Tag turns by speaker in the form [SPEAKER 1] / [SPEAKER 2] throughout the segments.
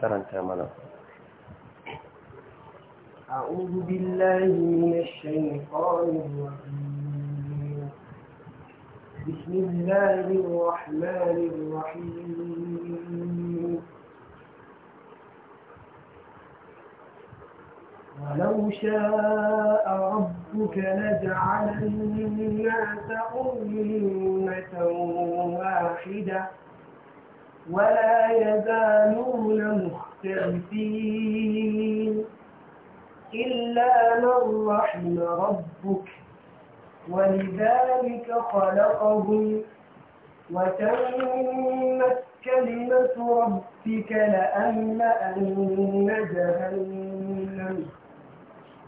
[SPEAKER 1] karanta mana
[SPEAKER 2] أعوذ بالله من الشيطان الرجيم بسم الله الرحمن الرحيم ولو شاء ربك لجعل الناس أمة واحدة ولا يزالون مختلفين إلا من رحم ربك ولذلك خلقهم وتمت كلمة ربك لأملأن جهنم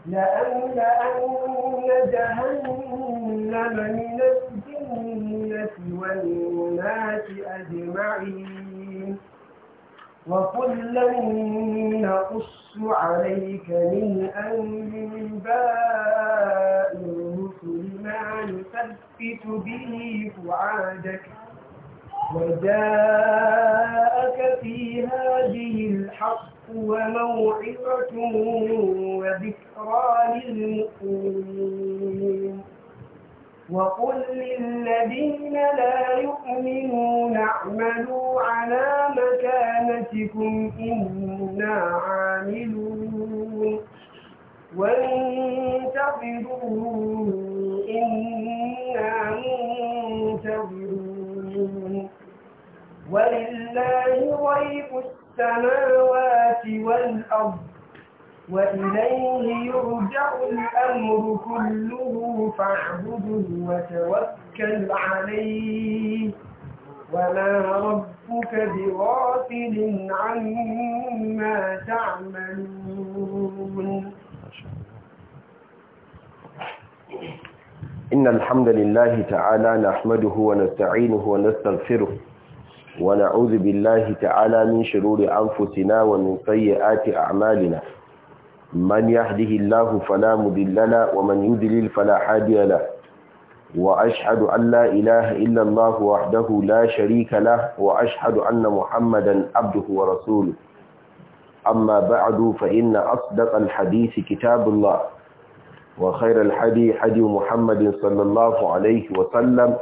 [SPEAKER 2] لأملأن جهنم من الجنة والناس أجمعين وكلا نقص عليك من أنباء الرسل ما نثبت به فعادك وجاءك في هذه الحق وموعظة وذكرى للمؤمنين وقل للذين لا يؤمنون اعملوا على مكانتكم إنا عاملون وانتظروا إنا منتظرون ولله غيب السماوات والأرض وإليه يرجع الأمر كله فاعبده وتوكل عليه وما ربك بغافل عما تعملون
[SPEAKER 1] إن الحمد لله تعالى نحمده ونستعينه ونستغفره ونعوذ بالله تعالى من شرور أنفسنا ومن سيئات أعمالنا من يهده الله فلا مضل له ومن يضلل فلا هادي له واشهد ان لا اله الا الله وحده لا شريك له واشهد ان محمدا عبده ورسوله اما بعد فان اصدق الحديث كتاب الله وخير الحديث حديث محمد صلى الله عليه وسلم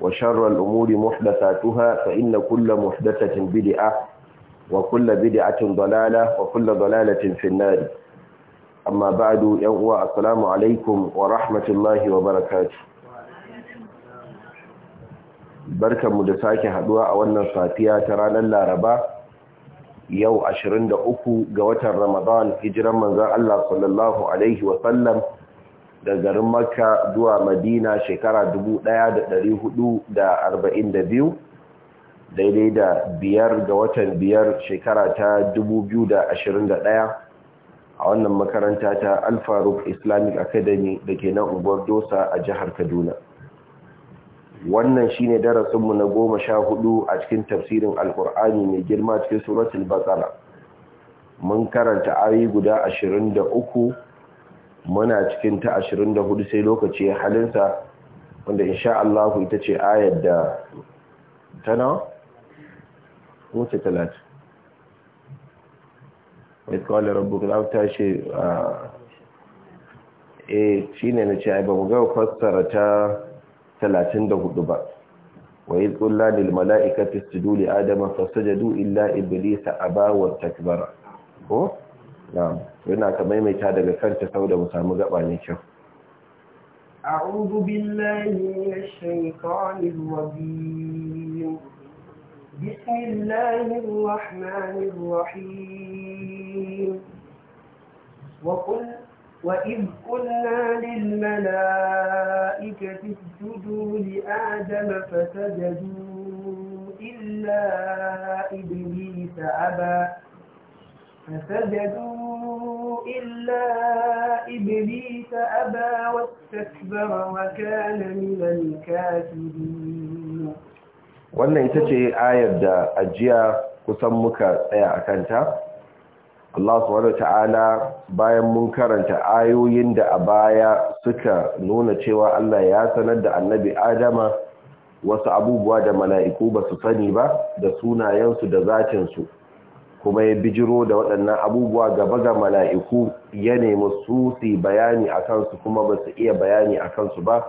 [SPEAKER 1] وشر الامور محدثاتها فان كل محدثه بدعه وكل بدعة ضلالة وكل ضلالة في النار أما yan uwa السلام alaikum wa rahmatullahi wa barkan mu da sake haduwa a wannan safiya ta ranar Laraba yau 23 ga watan Ramadan hijiran manzon Allah sallallahu alaihi wa sallam da garin Makka zuwa Madina shekara 1442 daidai da biyar ga watan biyar shekara ta 2021 a wannan makaranta ta alfaruk islamic academy da ke na unguwar dosa a jihar kaduna wannan shine darasinmu na goma sha hudu a cikin tafsirin alkur'ani mai girma cikin suratul batsara mun karanta ayi guda ashirin da uku muna cikin ta ashirin da hudu sai lokaci halinsa wanda insha Allah ita ce ayar da tana wuce talatin mai kawai rabu za ta tashi a e eh, shi ne na ce a ba mu ga fassara ta talatin da hudu ba wa yi tsulla da mala'ika fistudu li adama fasajadu illa iblisa a ba takbara ko? na yana ka maimaita daga kanta sau da mu samu gaba ne kyau
[SPEAKER 2] أعوذ بالله من الشيطان الرجيم بسم الله الرحمن الرحيم وقل وإذ قلنا للملائكة اسجدوا لآدم فسجدوا إلا إبليس أبى فسجدوا إلا إبليس أبى واستكبر وكان من الكافرين
[SPEAKER 1] wannan ita ce ayar da ajiya kusan muka tsaya a kanta Allah subhanahu ta'ala bayan mun karanta ayoyin da a baya suka nuna cewa Allah ya sanar da annabi Adama wasu abubuwa da mala'iku ba su sani ba da sunayensu da zatinsu kuma ya bijiro da waɗannan abubuwa gaba ga mala'iku ya nemi su su bayani a kansu kuma ba su iya bayani a kansu ba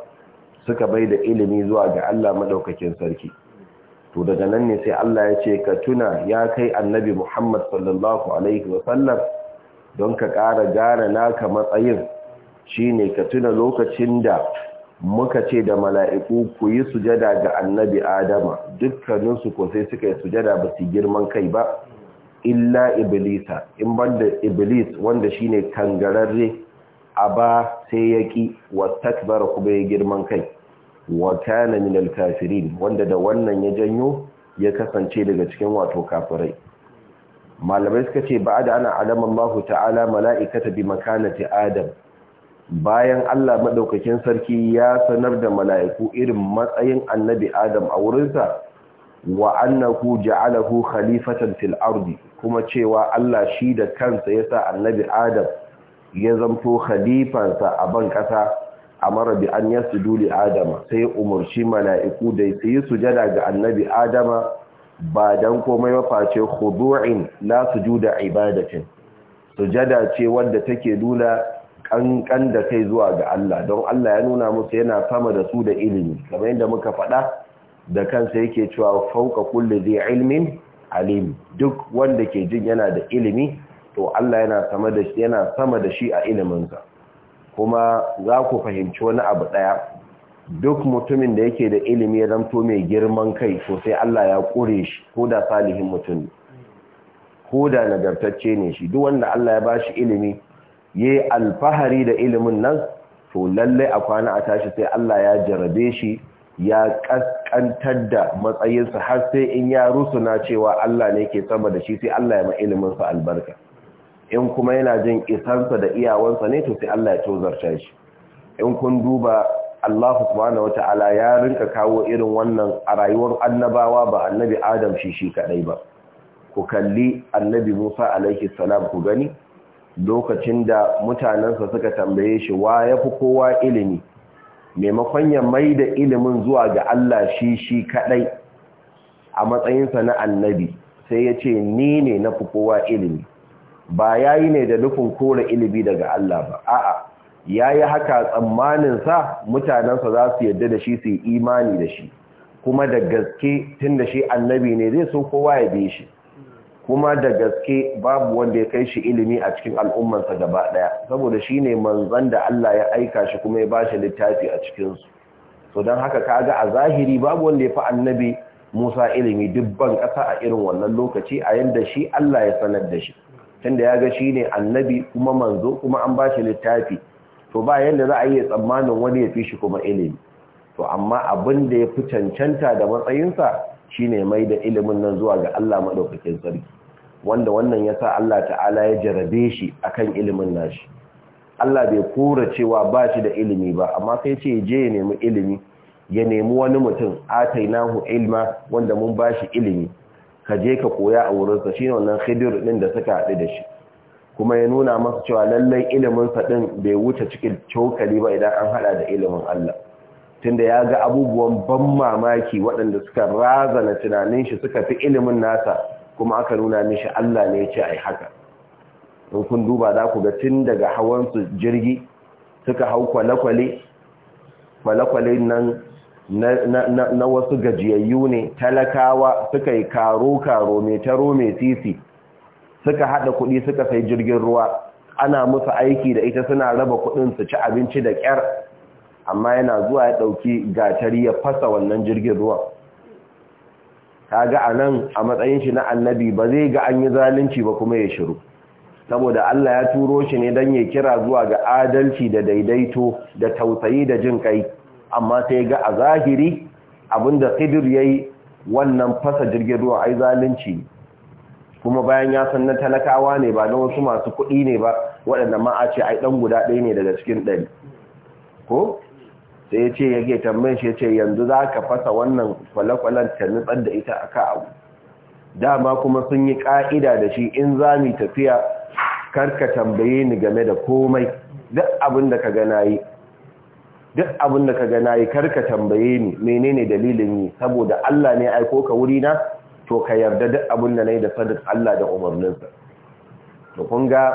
[SPEAKER 1] suka bai da ilimi zuwa ga Allah maɗaukakin sarki. to daga nan ne sai Allah ya ce ka tuna ya kai annabi Muhammad sallallahu alaihi wasallam don ka ƙara na naka matsayin shine ka tuna lokacin da muka ce da mala'iku ku yi sujada ga annabi Adama dukkaninsu ko sai suka yi sujada ba su girman kai ba illa iblisa in banda iblis wanda shine kangararre ba sai ya ƙi takbara kuma ya girman kai wa kana min al-kafirin wanda da wannan ya janyo ya kasance daga cikin wato kafirai malamai suka ce ba da ana alaman mahu ta'ala mala'ikata bi makanati adam bayan Allah Madaukakin sarki ya sanar da mala'iku irin matsayin annabi adam a wurinsa wa annahu ja'alahu khalifatan fil ardi kuma cewa Allah shi da kansa yasa annabi adam ya zamto khalifansa a ban kasa amara bi an yasu duli adama sai umarci mala'iku da su yi sujada ga annabi adama ba don komai ba hudu'in khudu'in la sujuda ibadatin sujada ce wanda take nuna kankan da kai zuwa ga Allah don Allah ya nuna musu yana sama da su da ilimi kamar yadda muka faɗa da kansa yake cewa fauka kulle zai ilimin alim duk wanda ke jin yana da ilimi to Allah yana sama da shi a iliminsa kuma za ku fahimci wani abu ɗaya duk mutumin da yake da ilimi ya zamto mai girman kai ko sai Allah ya kure shi ko da salihin mutum ne, ko da nagartacce ne shi duk wanda Allah ya bashi ilimi yayi alfahari da ilimin nan to lalle a kwana a tashi sai Allah ya jarabe shi ya kaskantar da matsayinsa har sai in ya rusuna cewa Allah ne ke sama da shi sai Allah ya ma ilimin sa albarka in kuma yana jin isansa da iyawansa ne to sai Allah ya tozarta shi in kun duba Allah subhanahu wata'ala ya rinka kawo irin wannan a rayuwar annabawa ba annabi Adam shi shi kadai ba ku kalli annabi Musa alaihi salam ku gani lokacin da mutanansa suka tambaye shi wa yafi kowa ilimi maimakon ya da ilimin zuwa ga Allah shi shi kadai a matsayinsa na annabi sai ya ce ni ne na fi kowa ilimi ba ya yi ne da nufin kore ilimi daga Allah ba a'a yi haka tsammanin sa mutanansa za su yarda da shi su yi imani da shi kuma da gaske tun da shi annabi ne zai so kowa ya bi shi kuma da gaske babu wanda ya kai shi ilimi a cikin al'ummarsa gaba ɗaya, saboda shi ne manzan da Allah ya aika shi kuma ya ba shi littafi a cikinsu so don haka ka ga a zahiri babu wanda ya fi annabi musa ilimi dubban ƙasa a irin wannan lokaci a yadda shi Allah ya sanar da shi tunda ya ga shi ne annabi kuma manzo kuma an ba shi littafi to ba yadda za a yi tsammanin wani ya fi shi kuma ilimi to amma abin da ya fi cancanta da matsayinsa shi ne mai da ilimin nan zuwa ga Allah maɗaukakin sarki wanda wannan ya sa Allah ta'ala ya jarabe shi akan ilimin nashi Allah bai kora cewa ba shi da ilimi ba amma sai ce je ya nemi ilimi ya nemi wani mutum atainahu ilma wanda mun ba shi ilimi ka je ka koya a wurinsa ne wannan khidir din da suka haɗu da shi kuma ya nuna masa cewa lallai iliminsa sa din bai wuce cikin cokali ba idan an hada da ilimin Allah tunda ya ga abubuwan ban mamaki waɗanda suka razana tunanin shi suka fi ilimin nasa kuma aka nuna mishi Allah ne ya ce ai haka in kun duba za ku ga tun daga hawan su jirgi suka hau kwale-kwale kwale-kwale nan na wasu gajiyayyu ne talakawa suka yi karo-karo mai taro mai sisi suka haɗa kuɗi suka sai jirgin ruwa ana musu aiki da ita suna raba kuɗin su ci abinci da ƙyar amma yana zuwa ya ɗauki gatari ya fasa wannan jirgin ruwa kaga a nan a matsayin shi na annabi ba zai ga an yi zalunci ba kuma ya shiru saboda Allah ya turo shi ne don ya kira zuwa ga adalci da daidaito da tausayi da jin kai amma sai ga a zahiri abinda ya yi wannan fasa jirgin ruwa ai zalunci kuma bayan ya san na talakawa ne ba na wasu masu kuɗi ne ba waɗanda ma a ce ai ɗan guda ɗaya ne daga cikin ɗari ko sai ya ce ke tambayin shi ya ce yanzu za ka fasa wannan kwale-kwalen ta nutsar da ita a abu dama kuma sun yi ƙa'ida da shi in za mu tafiya karka tambaye ni game da komai duk abin da ka gana yi duk abin da gana nayi karka tambaye ni menene dalilin yi saboda Allah ne aiko ka wuri na to ka yarda duk abin da yi da sadar Allah da umarninsa to kun ga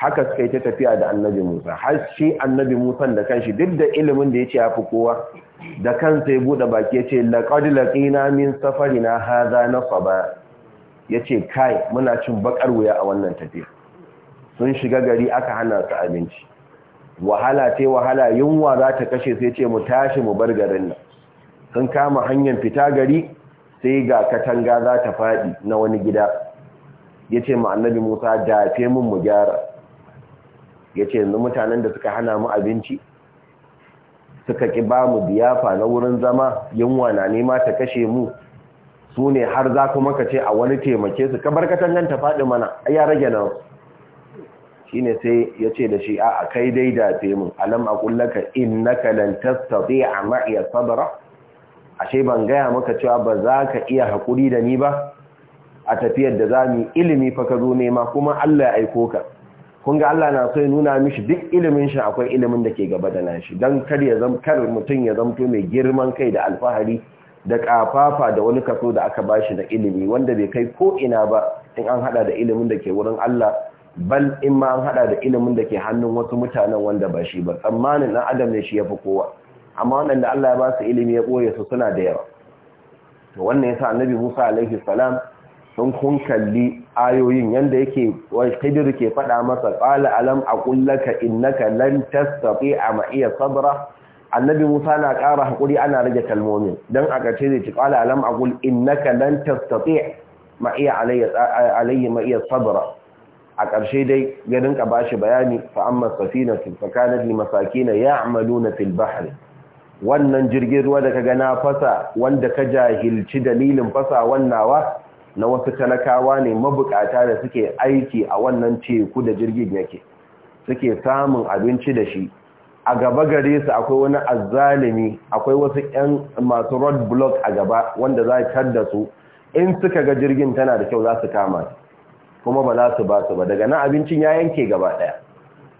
[SPEAKER 1] haka suka yi ta tafiya da annabi Musa har shi annabi Musa da kanshi duk da ilimin da ya ce ya fi kowa da kansa ya bude baki yace laqad laqina min na hadha Ya yace kai muna cin bakar wuya a wannan tafiya sun shiga gari aka hana su abinci wahala ce wahala yunwa za ta kashe sai ce mu tashi mu bar garin nan sun kama hanyar fita gari sai ga katanga za ta faɗi na wani gida ya ce mu annabi musa dafe mun mu gyara ya ce yanzu mutanen da suka hana mu abinci suka ki ba mu biyafa na wurin zama yunwa na nema ta kashe mu su ne har za kuma ka ce a wani taimake su ka bar katangan ta faɗi mana ya rage na shine sai ya ce da shi a kai dai da dafe mun alam aqul laka innaka lan tastati'a ma'iya sabra ashe ban gaya maka cewa ba za ka iya hakuri da ni ba a tafiyar da zamu ilimi fa ka zo nema kuma Allah ya aiko ka kun ga Allah na so ya nuna mishi duk ilimin shi akwai ilimin da ke gaba da nashi dan kar ya zam kar mutun ya zamto mai girman kai da alfahari da kafafa da wani kaso da aka bashi da ilimi wanda bai kai ko ina ba in an hada da ilimin da ke wurin Allah bal in ma an hada da ilimin da ke hannun wasu mutanen wanda ba shi ba tsammanin ɗan adam ne shi ya fi kowa amma waɗanda Allah ya ba su ilimi ya ɓoye su suna da yawa to wannan yasa annabi Musa alaihi salam sun kun kalli ayoyin yanda yake Khidir ke faɗa masa qala alam aqul laka innaka lan tastati'a ma iya sabra annabi Musa na kara hakuri ana rage kalmomin dan aka ce zai ci qala alam aqul innaka lan tastati' ma iya alayya ma iya sabra a ƙarshe dai ya rinka shi bayani fa amma tsakanin limasakina ya li Nuna ya'maluna wannan jirgin ruwa da ka na fasa wanda ka jahilci dalilin fasa wannawa na wasu talakawa ne mabukata da suke aiki a wannan teku da jirgin yake suke samun abinci da shi a gaba gare su akwai wani azalimi, akwai wasu 'yan masu road block a gaba wanda za a da su in suka ga jirgin tana da kyau za su kama kuma ba za su ba su ba daga nan abincin ya yanke gaba ɗaya,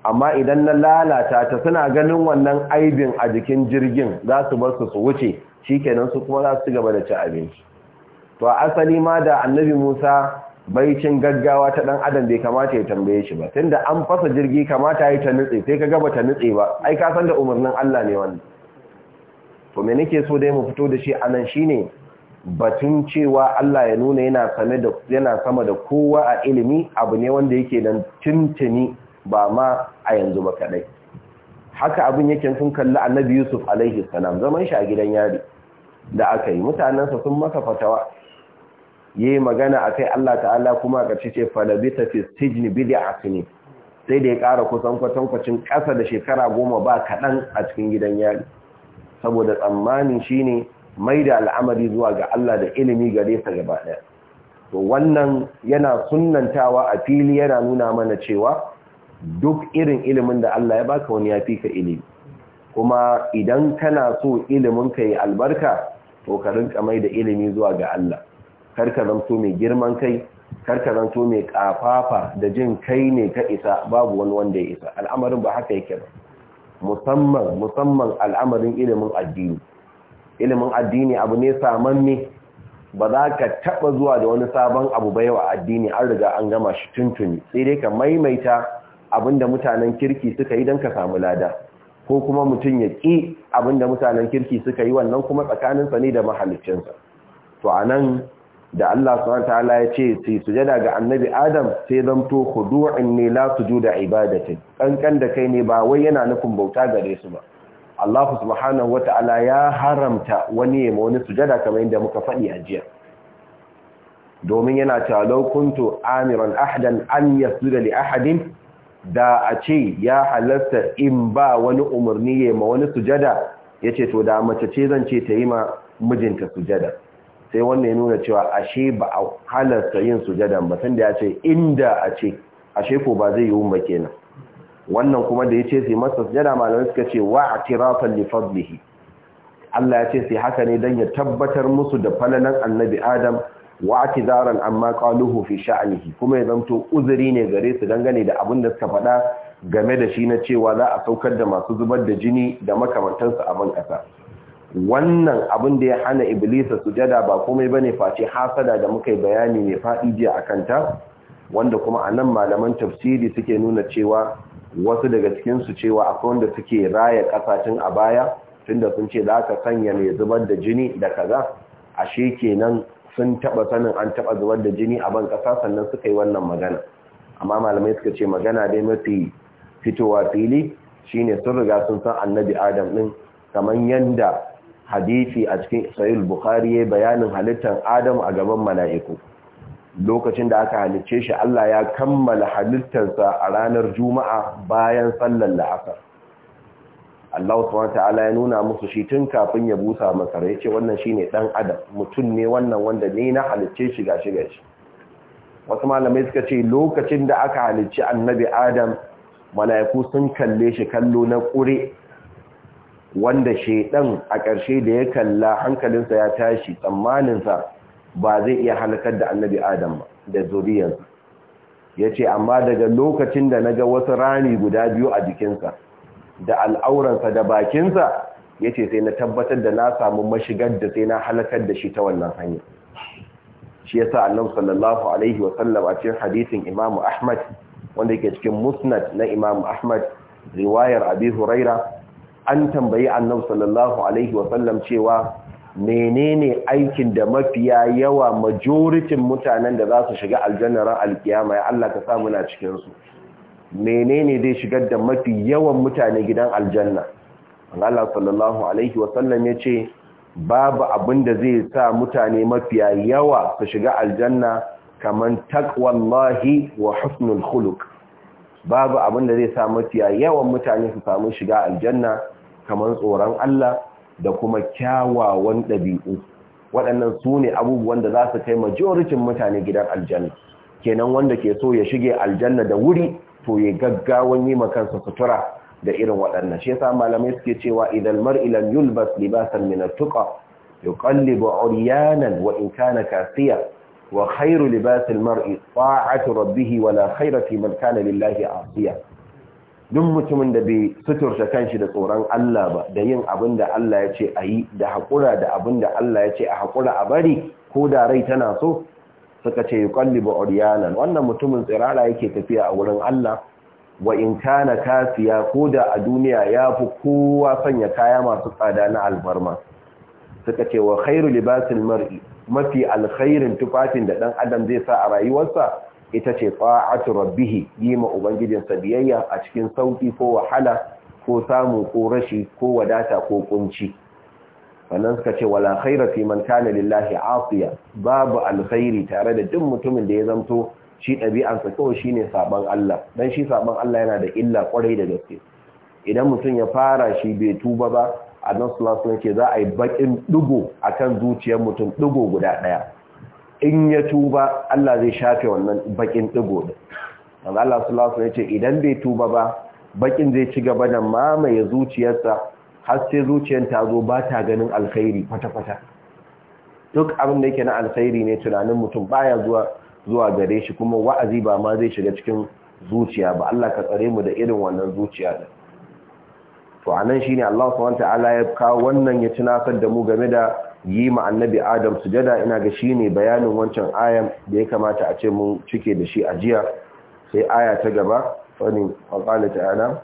[SPEAKER 1] amma idan na lalata ta suna ganin wannan aibin a jikin jirgin za su bar su su wuce shikenan su kuma za su gaba da ci abinci to asali ma da annabi Musa baicin gaggawa ta dan adam bai kamata ya tambaye shi ba tunda an fasa jirgi kamata ya ta nutse sai ka gaba ta nutse ba ai ka san da umarnin Allah ne wannan to me nake so dai mu fito da shi anan shine batun cewa Allah ya nuna yana sama da kowa a ilimi abu ne wanda yake nan tuntuni ba ma a yanzu ba kadai haka abin yake sun kalli Annabi Yusuf alaihi salam zaman shi a gidan yari da aka yi mutanensa sun masa fatawa yayi magana akai Allah ta'ala kuma ga ce falabita fi sijni bid'atini sai da ya ƙara kusan kwatankwacin ƙasa da shekara goma ba kaɗan a cikin gidan yari saboda tsammanin shi ne. mai da al'amari zuwa ga Allah da ilimi gare sa gaba ɗaya to wannan yana sunnantawa a fili yana nuna mana cewa duk irin ilimin da Allah ya baka wani ya fi ka ilimi kuma idan kana so ilimin ka yi albarka to ka rinka mai da ilimi zuwa ga Allah kar ka zanto mai girman kai karka ka zanto mai ƙafafa da jin kai ne ka isa babu wani wanda ya isa al'amarin ba haka yake ba musamman musamman al'amarin ilimin addini ilimin addini abu ne samanni ba za ka taɓa zuwa da wani sabon abu yau a addini an riga an gama shi tuntuni sai dai ka maimaita abinda mutanen kirki suka yi don ka samu lada ko kuma mutum ya ƙi abinda mutanen kirki suka yi wannan kuma tsakaninsa ne da mahaliccinsa to a nan da Allah subhanahu ta'ala ya ce sai su jada ga annabi Adam sai zamto khudu'in ne la sujuda ibadatin kankan da kai ne ba wai yana nufin bauta gare su ba Allah subhanahu ta’ala ya haramta wani ya wani sujada kamar yadda muka faɗi a jiya domin yana ta amiran ahadan an suda li ahadin da a ce ya halatta in ba wani umarni ya ma wani sujada ce to da mace ce zan ce ta yi ma mijinta sujada sai wannan ya nuna cewa ashe ba a halarta yin sujadan ba sanda ya ce inda a ce ashe ko ba zai yiwu ba kenan wannan kuma da yace sai masa sujada malamai suka ce wa atirafan li fadlihi Allah ya ce sai haka ne dan ya tabbatar musu da falalan annabi Adam wa atizaran amma qaluhu fi sha'nihi kuma ya zanto uzuri ne gare su dangane da abin da suka faɗa game da shi na cewa za a saukar da masu zubar da jini da makamantansu a ban kasa wannan abin da ya hana iblisa sujada ba komai bane face hasada da muka yi bayani mai faɗi jiya akan ta wanda kuma a nan malaman tafsiri suke nuna cewa wasu daga cikinsu cewa akwai wanda suke raya ƙasashen a baya tunda sun ce za ka sanya mai zubar da jini da kaza ashe kenan sun taba sanin an taba zubar da jini a ban ƙasa sannan suka yi wannan magana amma malamai suka ce magana dai mafi fitowa fili shine sun riga sun san annabi adam ɗin kamar yadda hadisi a cikin sahih bukhari bayanin halittar adam a gaban mala'iku lokacin da aka halicce shi Allah ya kammala halittarsa a ranar juma'a bayan sallar la'asar Allah ta'ala ya nuna musu shi tun kafin ya busa masa ya ce wannan ne dan adam mutum ne wannan wanda ne na halicce shi ga shi wasu malamai suka ce lokacin da aka halicci annabi adam mala'iku sun kalle shi kallo na ƙure wanda shedan a ƙarshe da ya kalla hankalinsa ya tashi tsammaninsa ba zai iya halakar da annabi adam da zuriyarsa ya ce amma daga lokacin da na ga wasu rani guda biyu a jikinsa da al'auransa da bakinsa ya ce sai na tabbatar da na samu mashigar da sai na halakar da shi ta wannan hanyar. shi ya sa annan sallallahu alaihi wasallam a cikin hadisin imamu ahmad wanda ke cikin musnad na imamu ahmad riwayar abi huraira an tambayi annan sallallahu alaihi wasallam cewa menene aikin da mafiya yawa majoritin mutanen da za su shiga aljanna ran alkiyama ya Allah ka sa muna cikinsu. su menene zai shigar da mafi yawan mutane gidan aljanna Allah sallallahu alaihi wasallam ya ce babu abin da zai sa mutane mafiya yawa su shiga aljanna kaman taqwallahi wa husnul khuluq babu abin da zai sa mafiya yawan mutane su samu shiga aljanna kamar tsoron Allah da kuma kyawawan ɗabi'u waɗannan su ne abubuwan da za su kai majoritin mutane gidan aljanna kenan wanda ke so ya shige aljanna da wuri to ya gaggawan yi kansa sutura da irin waɗannan shi yasa malamai suke cewa idan mar'ilan yulbas libasan min at-tuqa yuqallibu uryanan wa in kana kasiya wa khairu libas al-mar'i ta'atu rabbih wa la khayra fi man kana lillahi asiya duk mutumin da bai suturta kanshi da tsoron Allah ba da yin abin da Allah ya ce a yi da haƙura da abin da Allah ya ce a haƙura a bari ko da rai tana so suka ce ba uryanan wannan mutumin tsirara yake tafiya a wurin Allah wa in kana kafiya ko da a duniya ya fi kowa sanya kaya masu tsada na alfarma suka ce wa khairu libasin mar'i mafi alkhairin tufafin da ɗan adam zai sa a rayuwarsa ita ce ta'atu rabbihi yi ma ubangijinsa biyayya a cikin sauki ko wahala ko samu ko rashi ko wadata ko kunci wannan suka ce wala khaira fi man kana lillahi asiya babu alkhairi tare da duk mutumin da ya zamto shi ɗabi'ansa kawai shine sabon Allah dan shi saban Allah yana da illa kwarai da gaske idan mutum ya fara shi bai tuba ba annabi sallallahu alaihi wasallam ce za a yi bakin a kan zuciyar mutum dugo guda ɗaya. in ya tuba Allah zai shafe wannan bakin digo da dan Allah sallallahu ce idan bai tuba ba bakin zai ci gaba da mamaye zuciyarsa har sai zuciyar ta zo ba ta ganin alkhairi kwata-kwata duk abin da yake na alkhairi ne tunanin mutum baya zuwa gare shi kuma wa'azi ba ma zai shiga cikin zuciya ba Allah ka tsare mu da irin wannan zuciya da to anan shine Allah subhanahu wataala ya kawo wannan ya tunatar da mu game da yi ma annabi adam sujada ina ga shine bayanin wancan ayan da ya kamata a ce mun cike da shi a jiya sai aya ta gaba wani qala ta yana.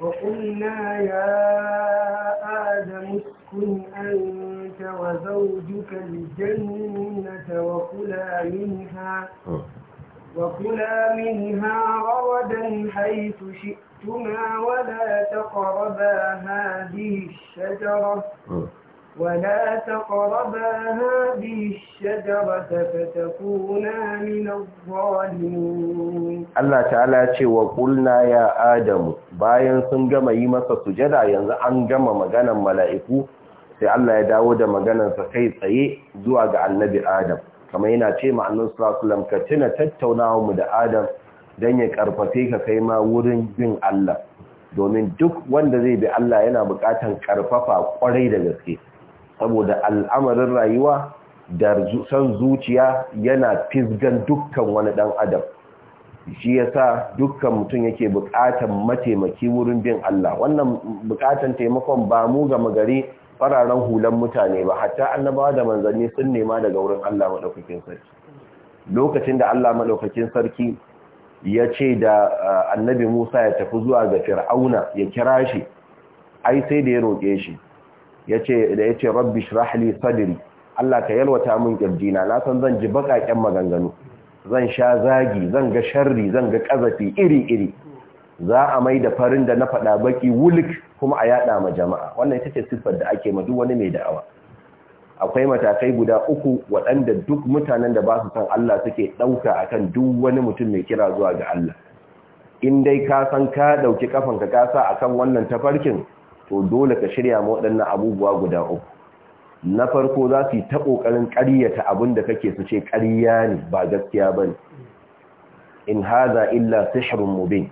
[SPEAKER 2] qulna ya رَوَدًا حَيْثُ شِئْتُمَا wa zawjuka هَذِهِ jannata ولا تقربا هذه الشجرة فتكونا من الظالمين
[SPEAKER 1] الله تعالى ce wa qulna ya adamu bayan sun gama yi masa sujada yanzu an gama maganan mala'iku sai Allah ya dawo da maganar sa kai tsaye zuwa ga annabi adam kamar yana ce ma annabi sallallahu ka tuna tattaunawa mu da adam dan ya karfafe ka kai ma wurin bin Allah domin duk wanda zai bi Allah yana bukatan karfafa ƙwarai da gaske saboda al'amarin rayuwa da san zuciya yana fisgan dukkan wani dan adam shi yasa dukkan mutum yake bukatan mataimaki wurin bin Allah wannan bukatan taimakon ba mu ga magari fararen hulan mutane ba hatta annabawa da manzanni sun nema daga wurin Allah madaukakin sarki lokacin da Allah maɗaukakin sarki ya ce da annabi Musa ya tafi zuwa ga Fir'auna ya kira shi ai sai da ya roƙe shi yace da yace rabbi shrah li sadri Allah ka yalwata mun kirjina na san zan ji baƙaƙen maganganu zan sha zagi zan ga sharri zan ga ƙazafi iri iri za a mai da farin da na faɗa baƙi wulik kuma a yaɗa ma jama'a wannan ita ce siffar da ake ma duk wani mai da'awa akwai matakai guda uku waɗanda duk mutanen da ba su san Allah suke ɗauka akan duk wani mutum mai kira zuwa ga Allah in dai ka san ka ɗauki kafanka ka sa akan wannan tafarkin to dole ka shirya ma waɗannan abubuwa guda uku na farko za su yi ta ƙoƙarin ƙaryata abin da kake su ce ƙarya ne ba gaskiya ba ne in haza illa sihirun mubin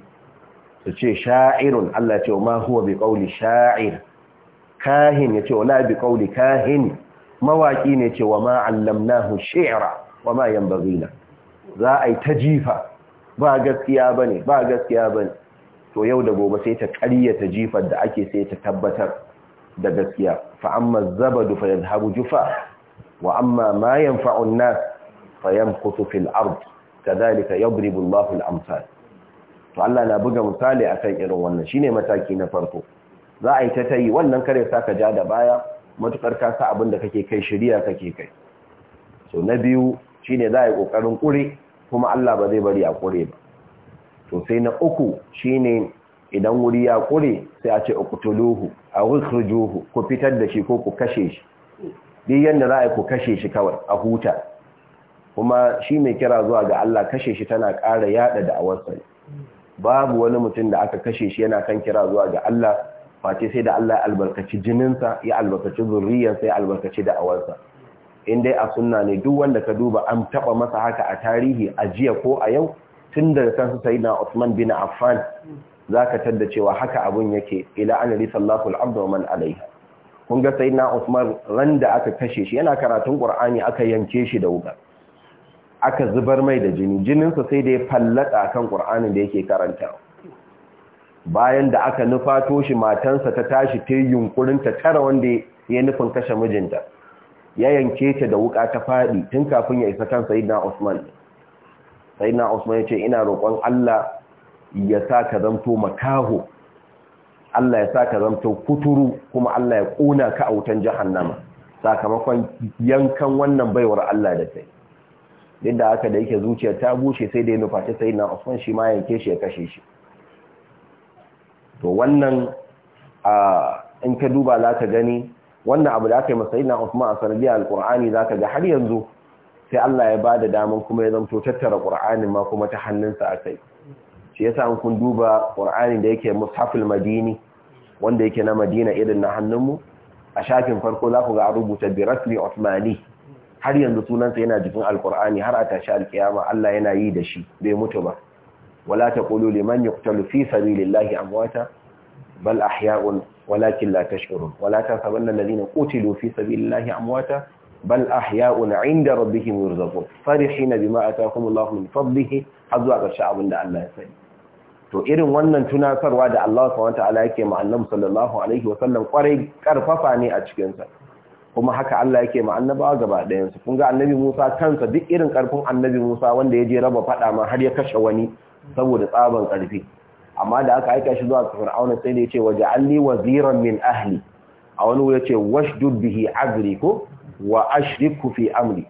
[SPEAKER 1] su ce sha'irun Allah ce ma huwa bi ƙauli sha'ir kahin ya ce wala bi ƙauli kahin mawaƙi ne ce wa ma allamnahu shi'ra wa ma bazina za a yi ta jifa ba gaskiya bane. ba gaskiya ba to yau da gobe sai ta ta jifar da ake sai ta tabbatar da gaskiya fa amma zabadu fa yadhhabu jufa wa amma ma yanfa'u an-nas fa yamkutu fil ard kadhalika yadribu Allahu al-amsal to Allah na buga misali akan irin wannan shine mataki na farko za a yi ta tayi wannan kare ka ja da baya matukar ka sa abin da kake kai shiriya kake kai so na biyu shine za a yi kokarin kure kuma Allah ba zai bari a kure ba to sai na uku shine idan wuri ya kure sai a ce uqtuluhu a ikhrijuhu ku fitar da shi ko ku kashe shi din yanda za a ku kashe shi kawai a huta kuma shi mai kira zuwa ga Allah kashe shi tana ƙara yada da awarsa babu wani mutum da aka kashe shi yana kan kira zuwa ga Allah face sai da Allah ya albarkaci jininsa ya albarkaci zurriyarsa ya albarkaci da awarsa in dai a sunna ne duk wanda ka duba an taba masa haka a tarihi a jiya ko a yau tun daga sai na Usman bin Affan ka tadda cewa haka abun yake ila an risallahu al-abdu man kun ga sayyidina Usman ran da aka kashe shi yana karatun Kur'ani aka yanke shi da wuga. aka zubar mai da jini jininsa sai da ya fallaka kan ƙur'ani da yake karanta. bayan da aka nufato shi matansa ta tashi ta yunkurin ta tara wanda ya nufin kashe mijinta ya yanke ta da wuka ta faɗi tun kafin ya isa kan sayyidina Usman sai na usman ya ce ina roƙon Allah ya sa ka zanto makaho Allah ya sa ka zanto kuturu kuma Allah ya ƙona ka a wutan nama. sakamakon yankan wannan baiwar Allah da kai duk da haka da yake zuciya ta bushe sai da ya nufaci sai na usman shi ma yanke shi ya kashe shi to wannan a in ka duba za ka gani wannan abu da aka yi masai na usman a sanadiyar alkur'ani za ka ga har yanzu sai Allah ya ba da daman kuma ya zamto tattara ƙur'anin ma kuma ta hannunsa akai shi ya an kun duba Qur'ani da yake mushafil madini wanda yake na Madina irin na hannunmu a shafin farko za ku ga a rubuta birasli osmani. har yanzu sunansa yana jikin alkur'ani har a tashi alkiyama Allah yana yi da shi bai mutu ba wala ta ƙulu liman kutalu fi lillahi amwata bal ahya'un walakin la tash'urun wala ta tasabanna alladhina qutilu fi lillahi amwata bal ahya'un 'inda rabbihim yurzaqun farihina bima ataakum Allahu min fadlihi azwa ga abin da Allah ya sani to irin wannan tunatarwa da Allah subhanahu wataala yake ma annabi sallallahu alaihi sallam kwarai karfafa ne a cikin sa kuma haka Allah yake ma annabawa gaba ɗayan su kun ga annabi Musa kansa duk irin karfin annabi Musa wanda ya je raba fada ma har ya kashe wani saboda tsaban karfi amma da aka aika shi zuwa Fir'auna sai ce yace alli waziran min ahli a wani ya ce washdud bihi azri ko wa ashriku fi amri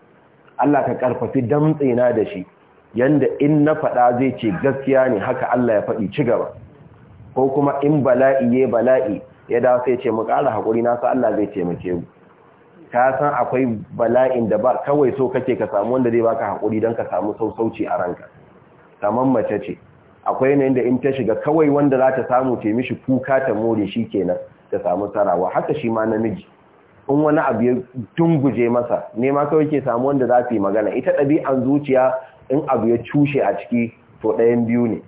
[SPEAKER 1] Allah ka karfafi damtsina da shi yanda in na fada zai ce gaskiya ne haka Allah ya fadi ci gaba ko kuma in bala'i ya bala'i ya da sai ce mu ƙara haƙuri na sa Allah zai ce mu ka san akwai bala'in da ba kawai so kake ka samu wanda zai baka haƙuri don ka samu sausauci a ranka kamar mace ce akwai ne inda in ta shiga kawai wanda za ta samu ce mishi kuka ta more shikenan ka ta samu sarawa haka shi ma namiji in wani abu ya dunguje masa nema kawai ke samu wanda za su yi magana ita ɗabi'an zuciya in abu ya cushe a ciki to ɗayan biyu ne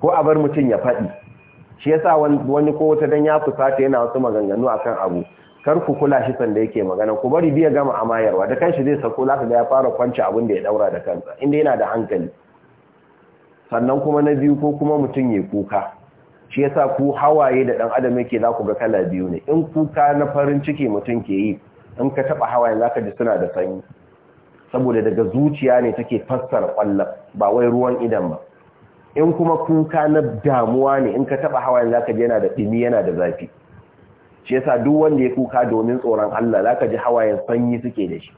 [SPEAKER 1] ko a bar mutum ya faɗi shi ya sa wani ko wata don ya fusata yana wasu maganganu akan abu kar ku kula shi sanda yake magana ku bari biya gama amayarwa da kanshi zai sako zaka da ya fara kwanci abin da ya ɗaura da kansa inda yana da hankali sannan kuma na biyu ko kuma mutum ya kuka shi yasa ku hawaye da dan adam yake za ku ga kala biyu ne in kuka na farin ciki mutum ke yi in ka taba hawaye zaka ji suna da sanyi saboda daga zuciya ne take fassara kwallon ba wai ruwan idan ba in kuma kuka na damuwa ne in ka taba hawaye zaka ji yana da dimi yana da zafi shi yasa duk wanda ya kuka domin tsoron Allah zaka ji hawayen sanyi suke da shi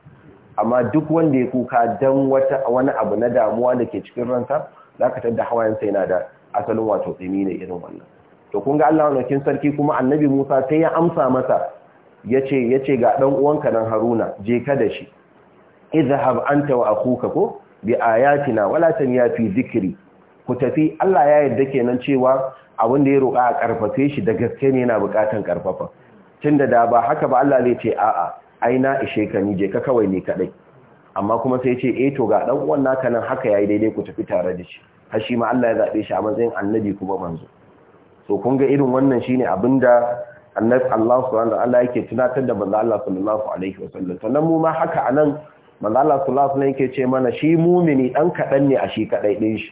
[SPEAKER 1] amma duk wanda ya kuka dan wata wani abu na damuwa da ke cikin ransa zaka tada hawayen sai yana da asalin wato tsimi ne irin wannan to kun ga Allah wannan sarki kuma annabi Musa sai ya amsa masa yace yace ga dan uwanka nan Haruna je ka da shi izhab anta wa akhuka ko bi na wala tanya fi zikri ku tafi Allah ya yarda kenan cewa abin da ya roƙa a karfafe shi da gaske ne yana buƙatan karfafa tunda da ba haka ba Allah zai ce a'a ai na ishe ka ni je ka kawai ne kadai amma kuma sai ya ce eh to ga dan uwan naka nan haka yayi daidai ku tafi tare da shi har shi ma Allah ya zaɓe shi a matsayin annabi kuma manzo so kun ga irin wannan shine abinda annabi Allah subhanahu wa ta'ala yake tunatar da manzo Allah sallallahu alaihi sallam sannan mu ma haka anan manzo Allah sallallahu alaihi sallam yake ce mana shi mumini dan kadan ne a shi kadai din shi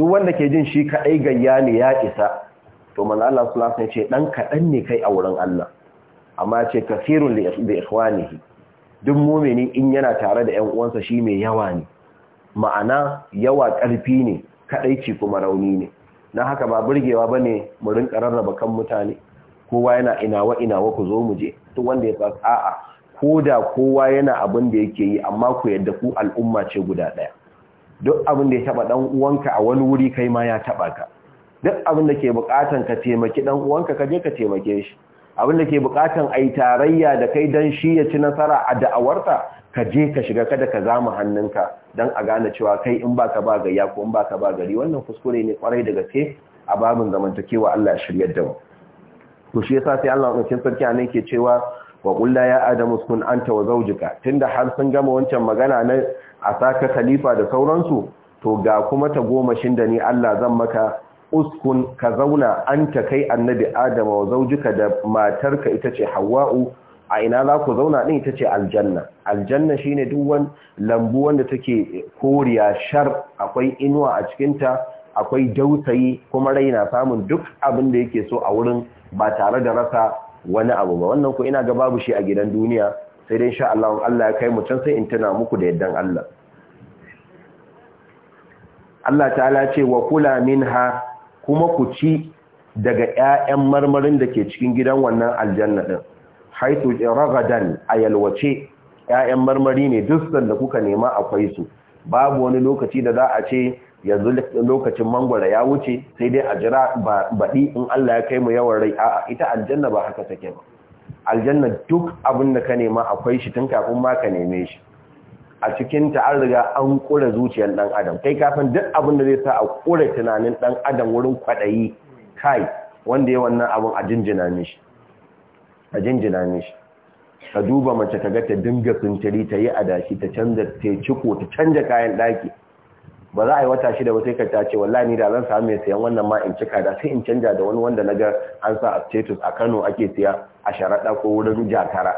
[SPEAKER 1] duk wanda ke jin shi kadai gayya ne ya isa to manzo Allah sallallahu alaihi wasallam ce dan kadan ne kai a wurin Allah amma ce kafirun li ikhwanihi duk mumini in yana tare da ƴan uwansa shi mai yawa ne ma'ana yawa ƙarfi ne kaɗai kuma rauni ne na haka ba burgewa ba ne mu rinka rarraba kan mutane kowa yana inawa inawa ku zo mu je duk wanda ya tsas a'a ko da kowa yana abin da yake yi amma ku yadda ku al'umma ce guda ɗaya duk abin da ya taɓa ɗan uwanka a wani wuri kai ma ya taɓa ka duk abin da ke buƙatan ka taimaki ɗan uwanka ka je ka taimake shi abin da ke buƙatan a yi tarayya da kai don shi ya ci nasara a da'awarta ka je ka shiga kada ka zama hannunka don a gane cewa kai in ba ka ba gayya ko in ba ka ba gari wannan kuskure ne kwarai daga gaske a babin zamantakewa Allah ya shiryar da mu to shi yasa sai Allah wannan sarki a nan ke cewa wa ƙulla ya adamu kun anta wa zaujika tunda har sun gama wancan magana na a saka khalifa da sauransu to ga kuma ta goma shin da ni Allah zan maka uskun ka zauna anta kai annabi adamu wa zaujika da matarka ita ce hawa'u a ina za ku zauna ɗin ita ce aljanna aljanna shine duk wani lambu wanda take koriya shar akwai inuwa a cikinta akwai dausayi kuma rai na samun duk abin da yake so a wurin ba tare da rasa wani abu ba wannan ku ina ga babu shi a gidan duniya sai dai insha Allah ya kai mu sai in tuna muku da yaddan Allah Allah ta'ala ce wa kula minha kuma ku ci daga ƴaƴan marmarin da ke cikin gidan wannan aljanna din haitu ragadan a yalwace ‘ya'yan marmari ne duk da kuka nema akwai su babu wani lokaci da za a ce yanzu lokacin mangwara ya wuce sai dai a jira baɗi in Allah ya kai mu yawan rai a ita aljanna ba haka take ba aljanna duk abin da ka nema akwai shi tun kafin ma ka neme shi a cikin ta an riga an kura zuciyar dan adam kai kafin duk abin da zai sa a kura tunanin dan adam wurin kwaɗayi kai wanda ya wannan abin a jinjina mishi a jinjina mishi ka duba mace ka ga ta dinga sintiri ta yi adashi ta canza ta ciko ta canza kayan daki ba za a yi wata shida ba sai ka tace wallahi ni da zan samu mai sayan wannan ma in cika da sai in canja da wani wanda naga an sa a status a Kano ake siya a sharada ko wurin jakara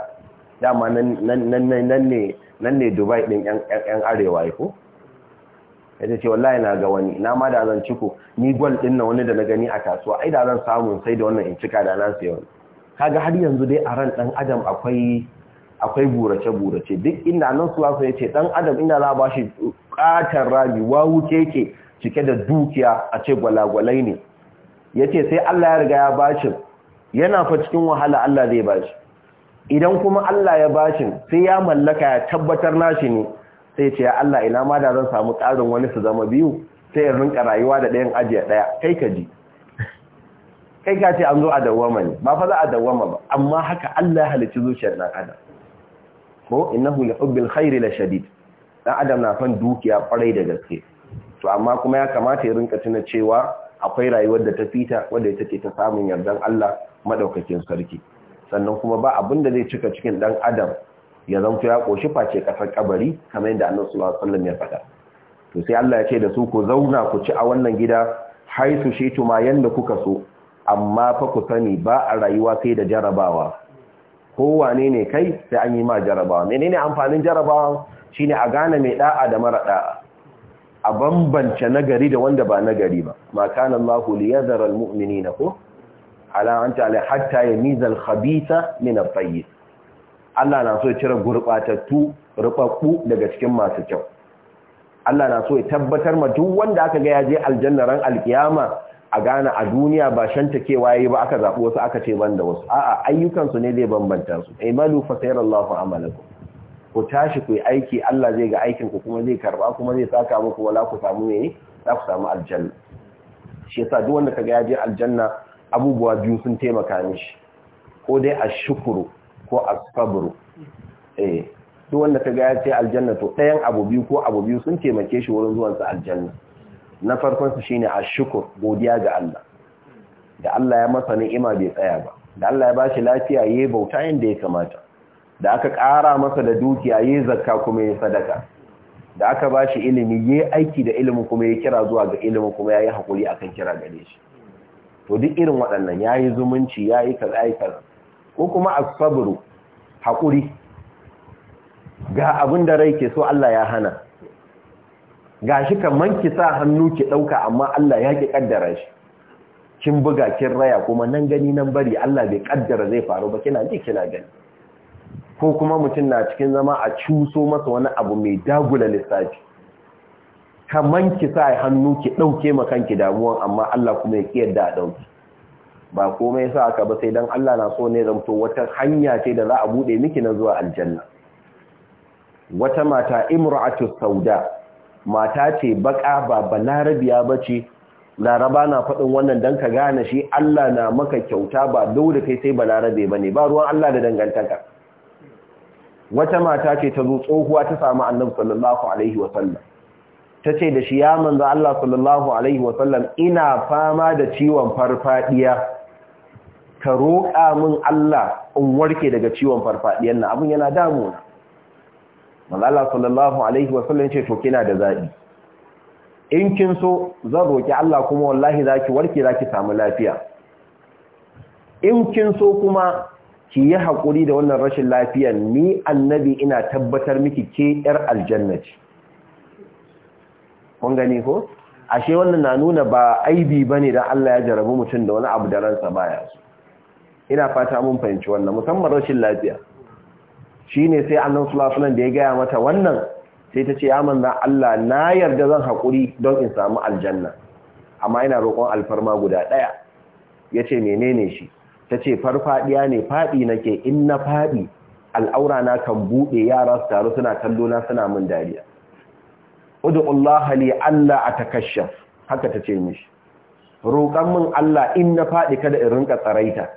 [SPEAKER 1] dama nan ne nan ne Dubai din yan arewa ko ya ce wallahi na ga wani na ma da zan ciko ni gwal din na wani da na gani a kasuwa ai da zan samu sai da wannan in cika da na sayo kaga har yanzu dai a ran dan adam akwai akwai burace-burace duk inda nan suwasa ya ce ɗan adam inda za a ba shi rabi rami wawu keke cike da dukiya a ce gwalagwalai ne yace sai Allah ya riga ya bashin yana fa cikin wahala Allah zai bashi idan kuma Allah ya bashin sai ya mallaka ya tabbatar nashi ne sai ce ya Allah ina ma da zan samu tsarin wani su zama biyu sai ya rinka rayuwa da ɗayan ajiye ɗaya kai ka ji kai ka ce an zo a dawwama ne ba fa za a dawwama ba amma haka Allah halicci zuciyar dan adam ko innahu li hubbil khairi la shadid dan adam na fan dukiya kwarai da gaske to amma kuma ya kamata ya rinka tuna cewa akwai rayuwar da ta fita wanda ita ce ta samun yardan Allah madaukakin sarki sannan kuma ba abin da zai cika cikin dan adam ya zanto ya koshi face kasar kabari kamar yadda Annabi sallallahu alaihi wasallam ya faɗa to sai Allah ya ce da su ku zauna ku ci a wannan gida haisu shi tuma yanda kuka so amma fa ku sani ba a rayuwa sai da jarabawa kowane ne kai sai an yi ma jarabawa menene amfanin jarabawa shine a gane mai da'a da mara da'a a bambance nagari da wanda ba nagari ba ma kana Allahu liyadhara almu'minina ko ala anta ala hatta yamiza alkhabitha min at Allah na so ya cire gurbatattu rubabbu daga cikin masu kyau Allah na so ya tabbatar ma duk wanda aka ga ya je aljanna ran alkiyama a gane a duniya ba ke waye ba aka zaɓi wasu aka ce ban da wasu a'a ayyukansu ne zai bambanta su imalu fa sayar Allahu amalakum ku tashi ku yi aiki Allah zai ga aikin ku kuma zai karba kuma zai saka muku wala ku samu ne za ku samu aljanna shi yasa duk wanda kaga ya je aljanna abubuwa biyu sun taimaka mishi ko dai a shukuru ko sabru eh duk wanda kaga ya ce aljanna to ɗayan abu biyu ko abu biyu sun taimake shi wurin zuwansa aljanna na farkonsa shine ashukur godiya ga Allah da Allah ya masa ni'ima bai tsaya ba da Allah ya bashi lafiya yayi bauta yadda ya kamata da aka ƙara masa da dukiya yayi zakka kuma yayi sadaka da aka ba shi ilimi yayi aiki da ilimi kuma yayi kira zuwa ga ilimi kuma yayi hakuri akan kira gare shi to duk irin waɗannan yayi zumunci yayi kaza ko kuma as-sabru hakuri ga abin da rai ke so Allah ya hana gashi kamar ki sa hannu ki ɗauka amma Allah ya ki kaddara shi kin buga kin raya kuma nan gani nan bari Allah bai kaddara zai faru ba kina ji kina gani ko kuma mutum na cikin zama a cuso masa wani abu mai dagula lissafi kamar ki sa hannu ki ɗauke ma kanki damuwan amma Allah kuma ya ki yadda a dauki ba komai sa aka ba sai dan Allah na so ne zamto wata hanya ce da za a bude miki na zuwa aljanna wata mata imra'atu sauda mata ce baka ba balarabiya ba ce laraba na faɗin wannan don ka gane shi Allah na maka kyauta ba dau da kai sai larabe ba ne ba ruwan Allah da dangantaka wata mata ce ta zo tsohuwa ta samu annabi sallallahu alaihi wasallam ta ce da shi ya manzo Allah sallallahu alaihi wasallam ina fama da ciwon farfadiya ka roƙa min Allah in warke daga ciwon farfadiyan nan abin yana damuna Allah sallallahu alaihi wa ce to kina da zabi in kin so zan roƙi Allah kuma wallahi za ki warke za ki samu lafiya in kin so kuma ki yi haƙuri da wannan rashin lafiya ni annabi ina tabbatar miki ke yar aljanna ce kun gani ko ashe wannan na nuna ba aibi ba ne don Allah ya jarabi mutum da wani abu da ransa baya su. ina fata mun fahimci wannan musamman rashin lafiya Shi ne sai annan sulasulan da ya gaya mata wannan sai ta ce ya manna Allah na yarda zan haƙuri don in samu aljanna amma ina roƙon alfarma guda ɗaya ya ce menene shi ta ce farfaɗiya ne faɗi nake in na faɗi al'aura na kan buɗe yara su taru suna kallo na suna min dariya udu'ullah li Allah atakashaf haka ta ce mishi min Allah in na faɗi kada in rinka tsaraita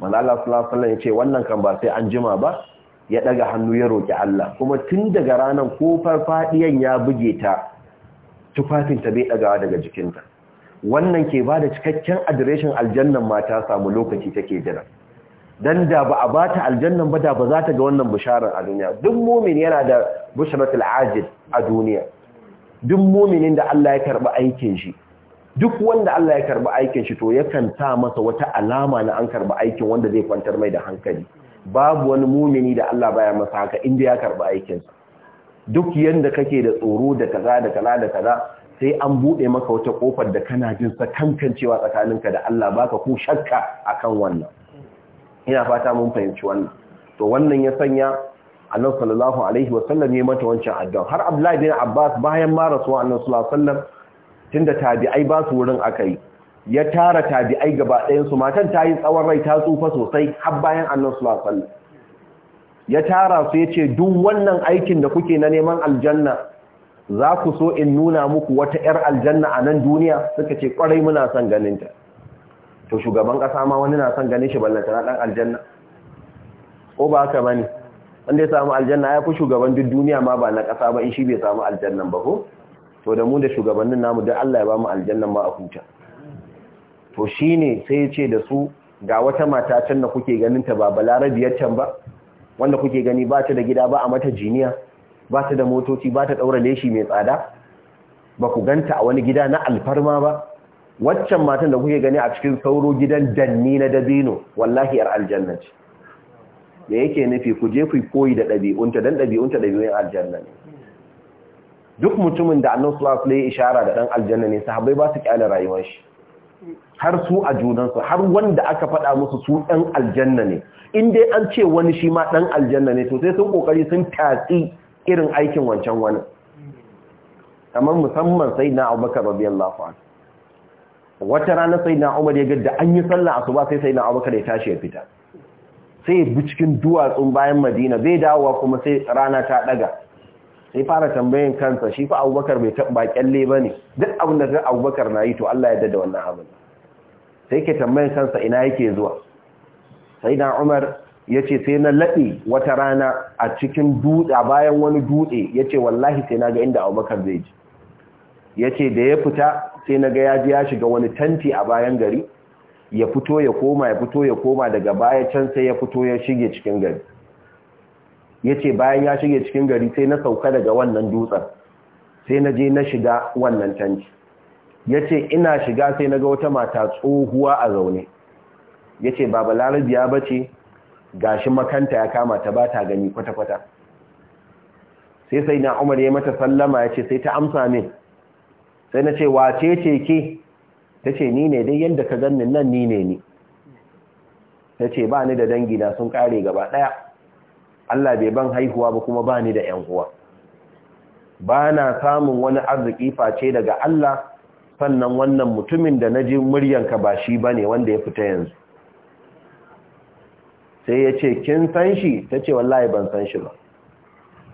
[SPEAKER 1] manzo Allah sallallahu ya ce wannan kan ba sai an jima ba ya ɗaga hannu ya roƙi Allah kuma tun daga ranar ko fadiyan ya buge ta tufafinta ta bai dagawa daga jikinta wannan ke ba da cikakken adireshin aljannan mata samu lokaci take jira dan da ba a bata aljannan ba da ba za ta ga wannan bisharar a duniya duk mumin yana da bushratul ajil a duniya duk muminin da Allah ya karba aikin shi duk wanda Allah ya karba aikin shi to yakan sa masa wata alama na an karba aikin wanda zai kwantar mai da hankali babu wani mumini da Allah baya masa haka inda ya karba aikinsa duk yanda kake da tsoro da kaza da kaza da kaza sai an bude maka wata kofar da kana jin sa kankancewa tsakaninka da Allah baka ko shakka akan wannan ina fata mun fahimci wannan to wannan ya sanya Annabi sallallahu alaihi wa sallam, ya mata wancan addu'a har Abdullah bin Abbas bayan ma rasuwa Annabi sallallahu alaihi sallam tunda tabi'ai ba su wurin akai ya tara tabi'ai gaba ɗayan su matan ta yi tsawon rai ta tsufa sosai har bayan annan su alaihi ya tara su ya ce duk wannan aikin da kuke na neman aljanna za ku so in nuna muku wata 'yar aljanna a nan duniya suka ce kwarai muna son ganinta to shugaban ƙasa ma wani na son ganin shi ballanta na ɗan aljanna ko ba haka ba ne wanda ya samu aljanna ya fi shugaban duk duniya ma ba na ƙasa ba in shi bai samu aljannan ba ko to da mu da shugabannin namu don allah ya ba mu aljannan ma a huta to ne sai ya ce da su ga wata mata can da kuke ganin ta ba balarabiyar can ba wanda kuke gani ba ta da gida ba a mata jiniya ba ta da motoci ba ta daura leshi mai tsada ba ku ganta a wani gida na alfarma ba waccan matan da kuke gani a cikin sauro gidan danni na dabino wallahi yar aljanna ce da yake nufi ku je ku koyi da ɗabi'unta don ɗabi'unta ɗabi'un aljanna ne duk mutumin da annan su ne ishara da ɗan aljanna ne sahabai ba su kyale rayuwar shi har su a junansu har wanda aka faɗa musu su ɗan aljanna ne Inda an ce wani shi ma ɗan aljanna ne to sai sun ƙoƙari sun tatsi irin aikin wancan wani kamar musamman sai na abubakar radiyallahu anhu wata rana sai na umar ya gada an yi sallah ba sai sai na abubakar ya tashi ya fita sai bi cikin duwatsun bayan madina zai dawowa kuma sai rana ta ɗaga. sai fara tambayin kansa shi fa abubakar bai taɓa kyalle ba ne duk abin da abubakar na yi to allah ya dada wannan abin sai ke tambayin kansa ina yake zuwa sai na umar ya ce sai na laɗe wata rana a cikin dutse a bayan wani dutse ya ce wallahi sai na ga inda abubakar zai ji ya ce da ya fita sai na ga ya ji ya shiga wani tanti a bayan gari ya fito ya koma ya fito ya koma daga baya can sai ya fito ya shige cikin gari ya ce bayan ya shige cikin gari sai na sauka daga wannan dutsen sai na je na shiga wannan tanti Ya ce ina shiga sai na ga wata mata tsohuwa a zaune yace ba ce. bace shi makanta ya kama ta ba ta gani kwata kwata sai sai na Umar ya mata sallama ya ce sai ta amsa min sai na ce wace ce ke ce ni ne dai yadda ka ganni nan ni ne ni tace ba ni da dangi na sun kare gaba daya Allah bai ban haihuwa ba kuma ba ni da yan'uwa uwa ba na samun wani arziki face daga Allah sannan wannan mutumin da na ji muryanka ba shi ba ne wanda ya fita yanzu sai ya ce kin san shi ta ce wallahi ban san shi ba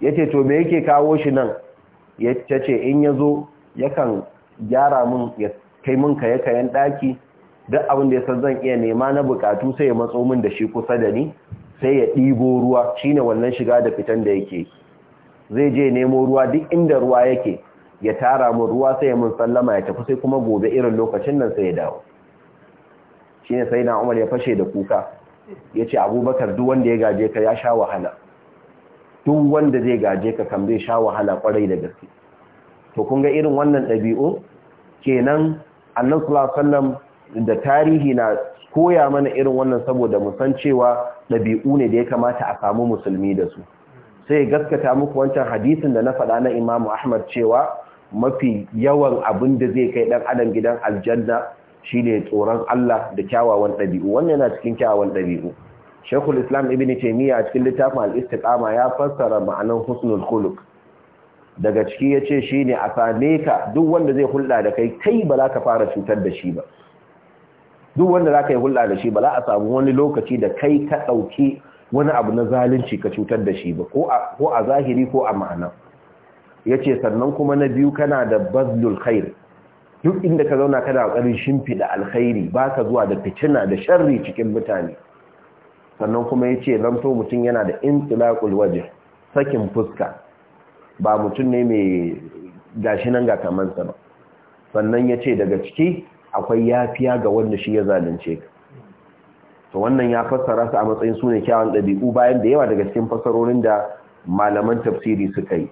[SPEAKER 1] ya ce to me yake kawo shi nan ya ce in ya zo yakan gyara mun ya kai mun kaye kayan ɗaki duk abin da ya san zan iya nema na bukatu sai ya matso min da shi kusa da ni sai ya ɗibo ruwa Shi ne wannan shiga da fitan da yake zai je nemo ruwa duk inda ruwa yake ya tara mun ruwa sai ya mun sallama ya tafi sai kuma gobe irin lokacin nan sai ya dawo shi sai na umar ya fashe da kuka ya ce abubakar duk wanda ya gaje ka ya sha wahala duk wanda zai gaje ka kam zai sha wahala kwarai da gaske to kun ga irin wannan ɗabi'u kenan annan sallallahu da tarihi na koya mana irin wannan saboda mu san cewa ɗabi'u ne da ya kamata a samu musulmi da su sai gaskata muku wancan hadisin da na faɗa na Imam Ahmad cewa mafi yawan abin da zai kai dan adam gidan aljanna shine tsoron Allah da kyawawan ɗabi'u. wannan yana cikin kyawawan ɗabi'u. Sheikhul Islam Ibn Taymiyyah a cikin littafin Al-Istiqama ya fassara ma'anan husnul khuluq daga ciki yace shine a same ka duk wanda zai hulɗa da kai kai ba za ka fara cutar da shi ba duk wanda za ka yi hulɗa da shi ba za a samu wani lokaci da kai ka ɗauki wani abu na zalunci ka cutar da shi ba ko a zahiri ko a ma'ana yace sannan kuma na biyu kana da bazlul khair duk inda ka zauna kana ƙoƙarin shimfiɗa alkhairi baka zuwa da fitina da sharri cikin mutane sannan kuma yace zanto mutum yana da intilaqul waje sakin fuska ba mutum ne mai gashi nan ga kamansa ba sannan yace daga ciki akwai yafiya ga wanda shi ya zalunce ka to wannan ya fassara su a matsayin su ne kyawun ɗabi'u bayan da yawa daga cikin fassarorin da malaman tafsiri suka yi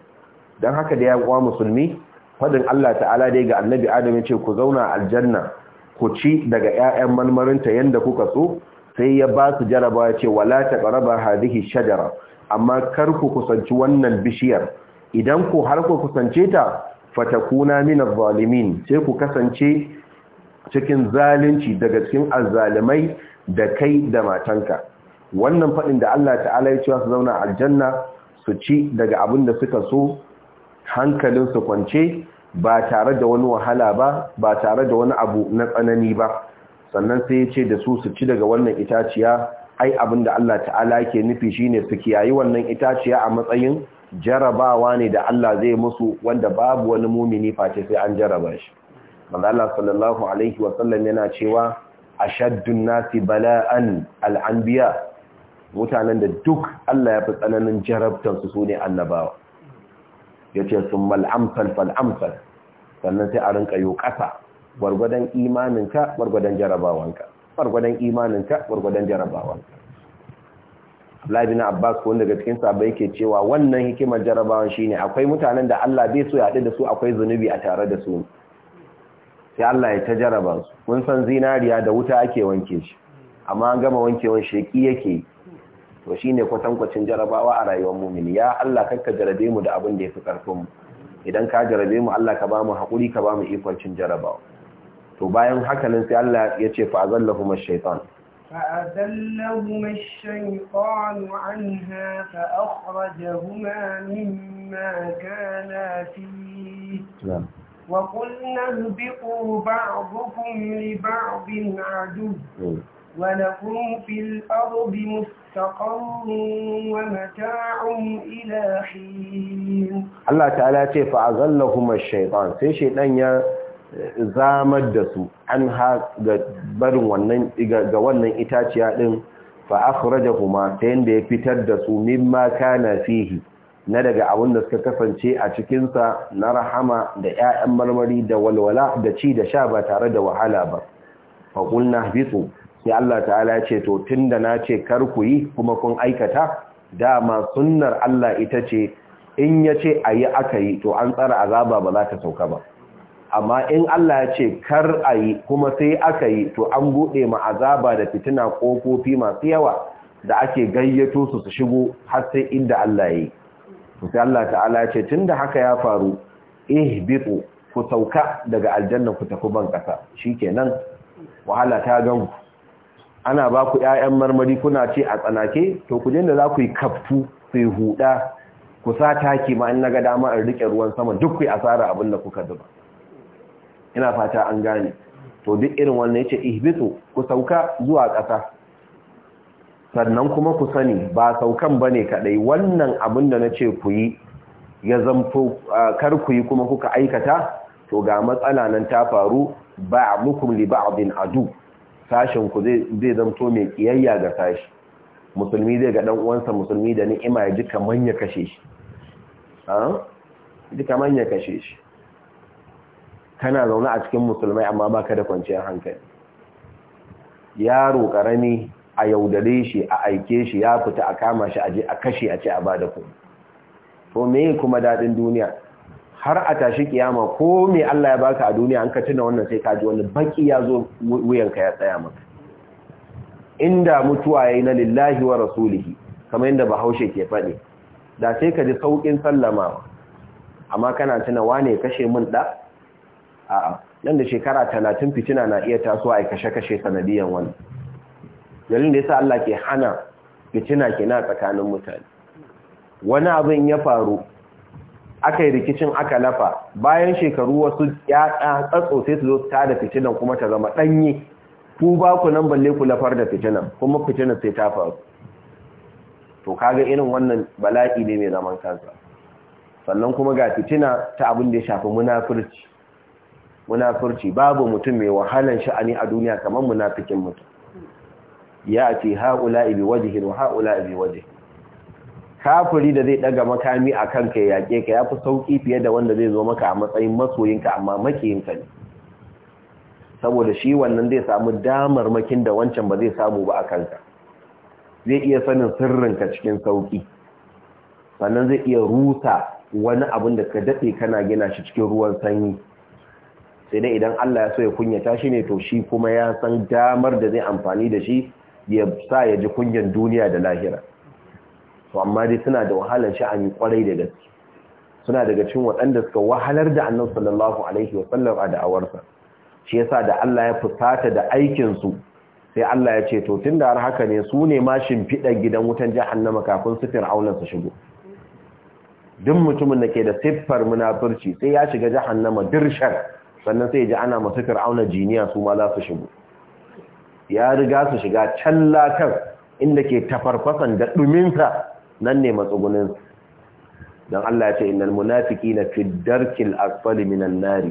[SPEAKER 1] don haka da ya kuwa musulmi fadin Allah ta'ala dai ga annabi adam ya ce ku zauna aljanna ku ci daga 'ya'yan marmarinta yadda kuka so sai ya ba su jaraba ya ce wala ta ƙaraba hadihi shajara amma kar ku kusanci wannan bishiyar idan ku har ku kusance ta fatakuna min zalimin sai ku kasance cikin zalunci daga cikin azzalimai da kai da matanka wannan faɗin da Allah ta'ala ya ce su zauna aljanna su ci daga abin da suka so hankalinsu kwance ba tare da wani wahala ba ba tare da wani abu na tsanani ba sannan sai ya ce da su su ci daga wannan itaciya ai abin da Allah ta'ala ke nufi shine su kiyayi wannan itaciya a matsayin jarabawa ne da Allah zai musu wanda babu wani mumini face sai an jaraba shi manzo Allah sallallahu alaihi wa sallam yana cewa ashaddun nasi bala'an al-anbiya mutanen da duk Allah ya fi tsananin jarabtansu su ne annabawa ya ce sun mal'amfal fal'amfal sannan sai a rinka yi ƙasa gwargwadon imaninka gwargwadon jarabawanka gwargwadon imaninka gwargwadon jarabawanka Abdullahi na Abbas ko daga cikin sabai yake cewa wannan hikimar jarabawan shine akwai mutanen da Allah bai so ya haɗu da su akwai zunubi a tare da su sai Allah ya ta jarabansu mun san zinariya da wuta ake wanke shi amma an gama wankewan sheki yake to shi ne kwatankwacin jarabawa a rayuwar mumini ya Allah kanka jarabe mu da abin da ya karfin mu idan ka jarabe mu Allah ka bamu haƙuri ka bamu mu cin jarabawa to bayan hakanin sai Allah ya ce fa azallahu ash-shaytan
[SPEAKER 2] فأذلهما الشيطان عنها فأخرجهما مما كانا فيه نعم. وقلنا اهبطوا بعضكم ولكم في الأرض مستقر ومتاع إلى حين
[SPEAKER 1] الله تعالى فأغلهم الشيطان سي شيطان يا zamar da su an ha ga barin wannan ga wannan itaciya din fa akhrajahuma ta yanda ya fitar da su mimma kana fihi na daga abun da suka kasance a cikin sa na rahama da ƴaƴan marmari da walwala da ci da sha ba tare da wahala ba fa qulna bitu sai Allah ta'ala ya ce to tunda na ce kar ku yi kuma kun aikata dama sunnar Allah ita ce in ya ce a yi aka yi to an tsara azaba ba za ta sauka ba amma in Allah ya ce kar a yi kuma sai aka yi to an buɗe ma azaba da fitina kokofi masu yawa da ake gayyato su su shigo har sai inda Allah ya yi sai Allah ta'ala ya ce tun da haka ya faru ihbitu ku sauka daga aljanna ku tafi ban ƙasa shikenan wahala ta gan ana ba ku ‘ya'yan marmari kuna ce a tsanake to ku da za ku yi kaftu su yi huɗa ku sa taki ma in na ga dama in riƙe ruwan sama duk ku yi asara abin da kuka zuba ina fata an gane to duk irin wannan ya ce ihbitu ku sauka zuwa ƙasa sannan kuma ku sani ba saukan ba ne kaɗai wannan abin da na ce ku yi ya zamfo kar ku yi kuma kuka aikata to ga matsala nan ta faru ba mukum li abin adu sashen ku zai zamto mai kiyayya ga sashi musulmi zai ga dan uwansa musulmi da ni'ima ya ji kaman ya kashe shi ah ji kaman kashe shi kana zaune a cikin musulmai amma baka da kwanciyar hankali yaro karami a yaudare shi a aike shi ya fita a kama shi aje a kashe a ce a bada ku to me kuma dadin duniya har a tashi kiyama ko me Allah ya baka a duniya an ka tuna wannan sai ka ji wani baki ya zo wuyanka ya tsaya maka inda mutuwa yayi na lillahi wa rasulihi kamar yadda bahaushe ke faɗi da sai ka ji saukin sallama amma kana tuna wane kashe min da a'a nan da shekara talatin fitina na iya tasowa a kashe-kashe sanadiyan wani dalilin da yasa Allah ke hana fitina ke na tsakanin mutane wani abin ya faru aka yi rikicin aka lafa bayan shekaru wasu yatsa tsatso sai su zo su da fitinan kuma ta zama danyi ku ba ku nan balle ku lafar da fitinan kuma fitinan sai ta faru to kaga irin wannan bala'i ne mai zaman kansa sannan kuma ga fitina ta abin da ya shafi munafurci munafurci babu mutum mai wahalan sha'ani a duniya kamar munafikin mutum ya ce haula ibi wajhi wa haula ibi wajhi kafiri da zai daga makami a kanka ya yake ka ya fi sauƙi fiye da wanda zai zo maka a matsayin masoyinka amma makiyinka ne saboda shi wannan zai samu damar makin da wancan ba zai samu ba a kanka zai iya sanin sirrinka cikin sauƙi, sannan zai iya rusa wani abin da ka daɗe kana gina shi cikin ruwan sanyi sai dai idan Allah ya so ya kunyata shi ne to shi kuma ya san damar da zai amfani da shi ya sa ya ji kunyan duniya da lahira to amma dai suna da wahalar sha'ani kwarai da gaske suna daga cikin waɗanda suka wahalar da annabi sallallahu alaihi wa sallam a da'awarsa shi yasa da Allah ya fusata da aikin su sai Allah ya ce to tunda har haka ne su ne ma shimfiɗa gidan wutan jahannama kafin su fir'auna su shigo duk mutumin da ke da siffar munafurci sai ya shiga jahannama dirshar sannan sai ya ji ana masu fir'auna jiniya su ma za su shigo ya riga su shiga can lakan inda ke tafarfasan da ɗuminsa nan ne matsugunin don Allah ya ce innal munafiqina fi darkil asfali minan nari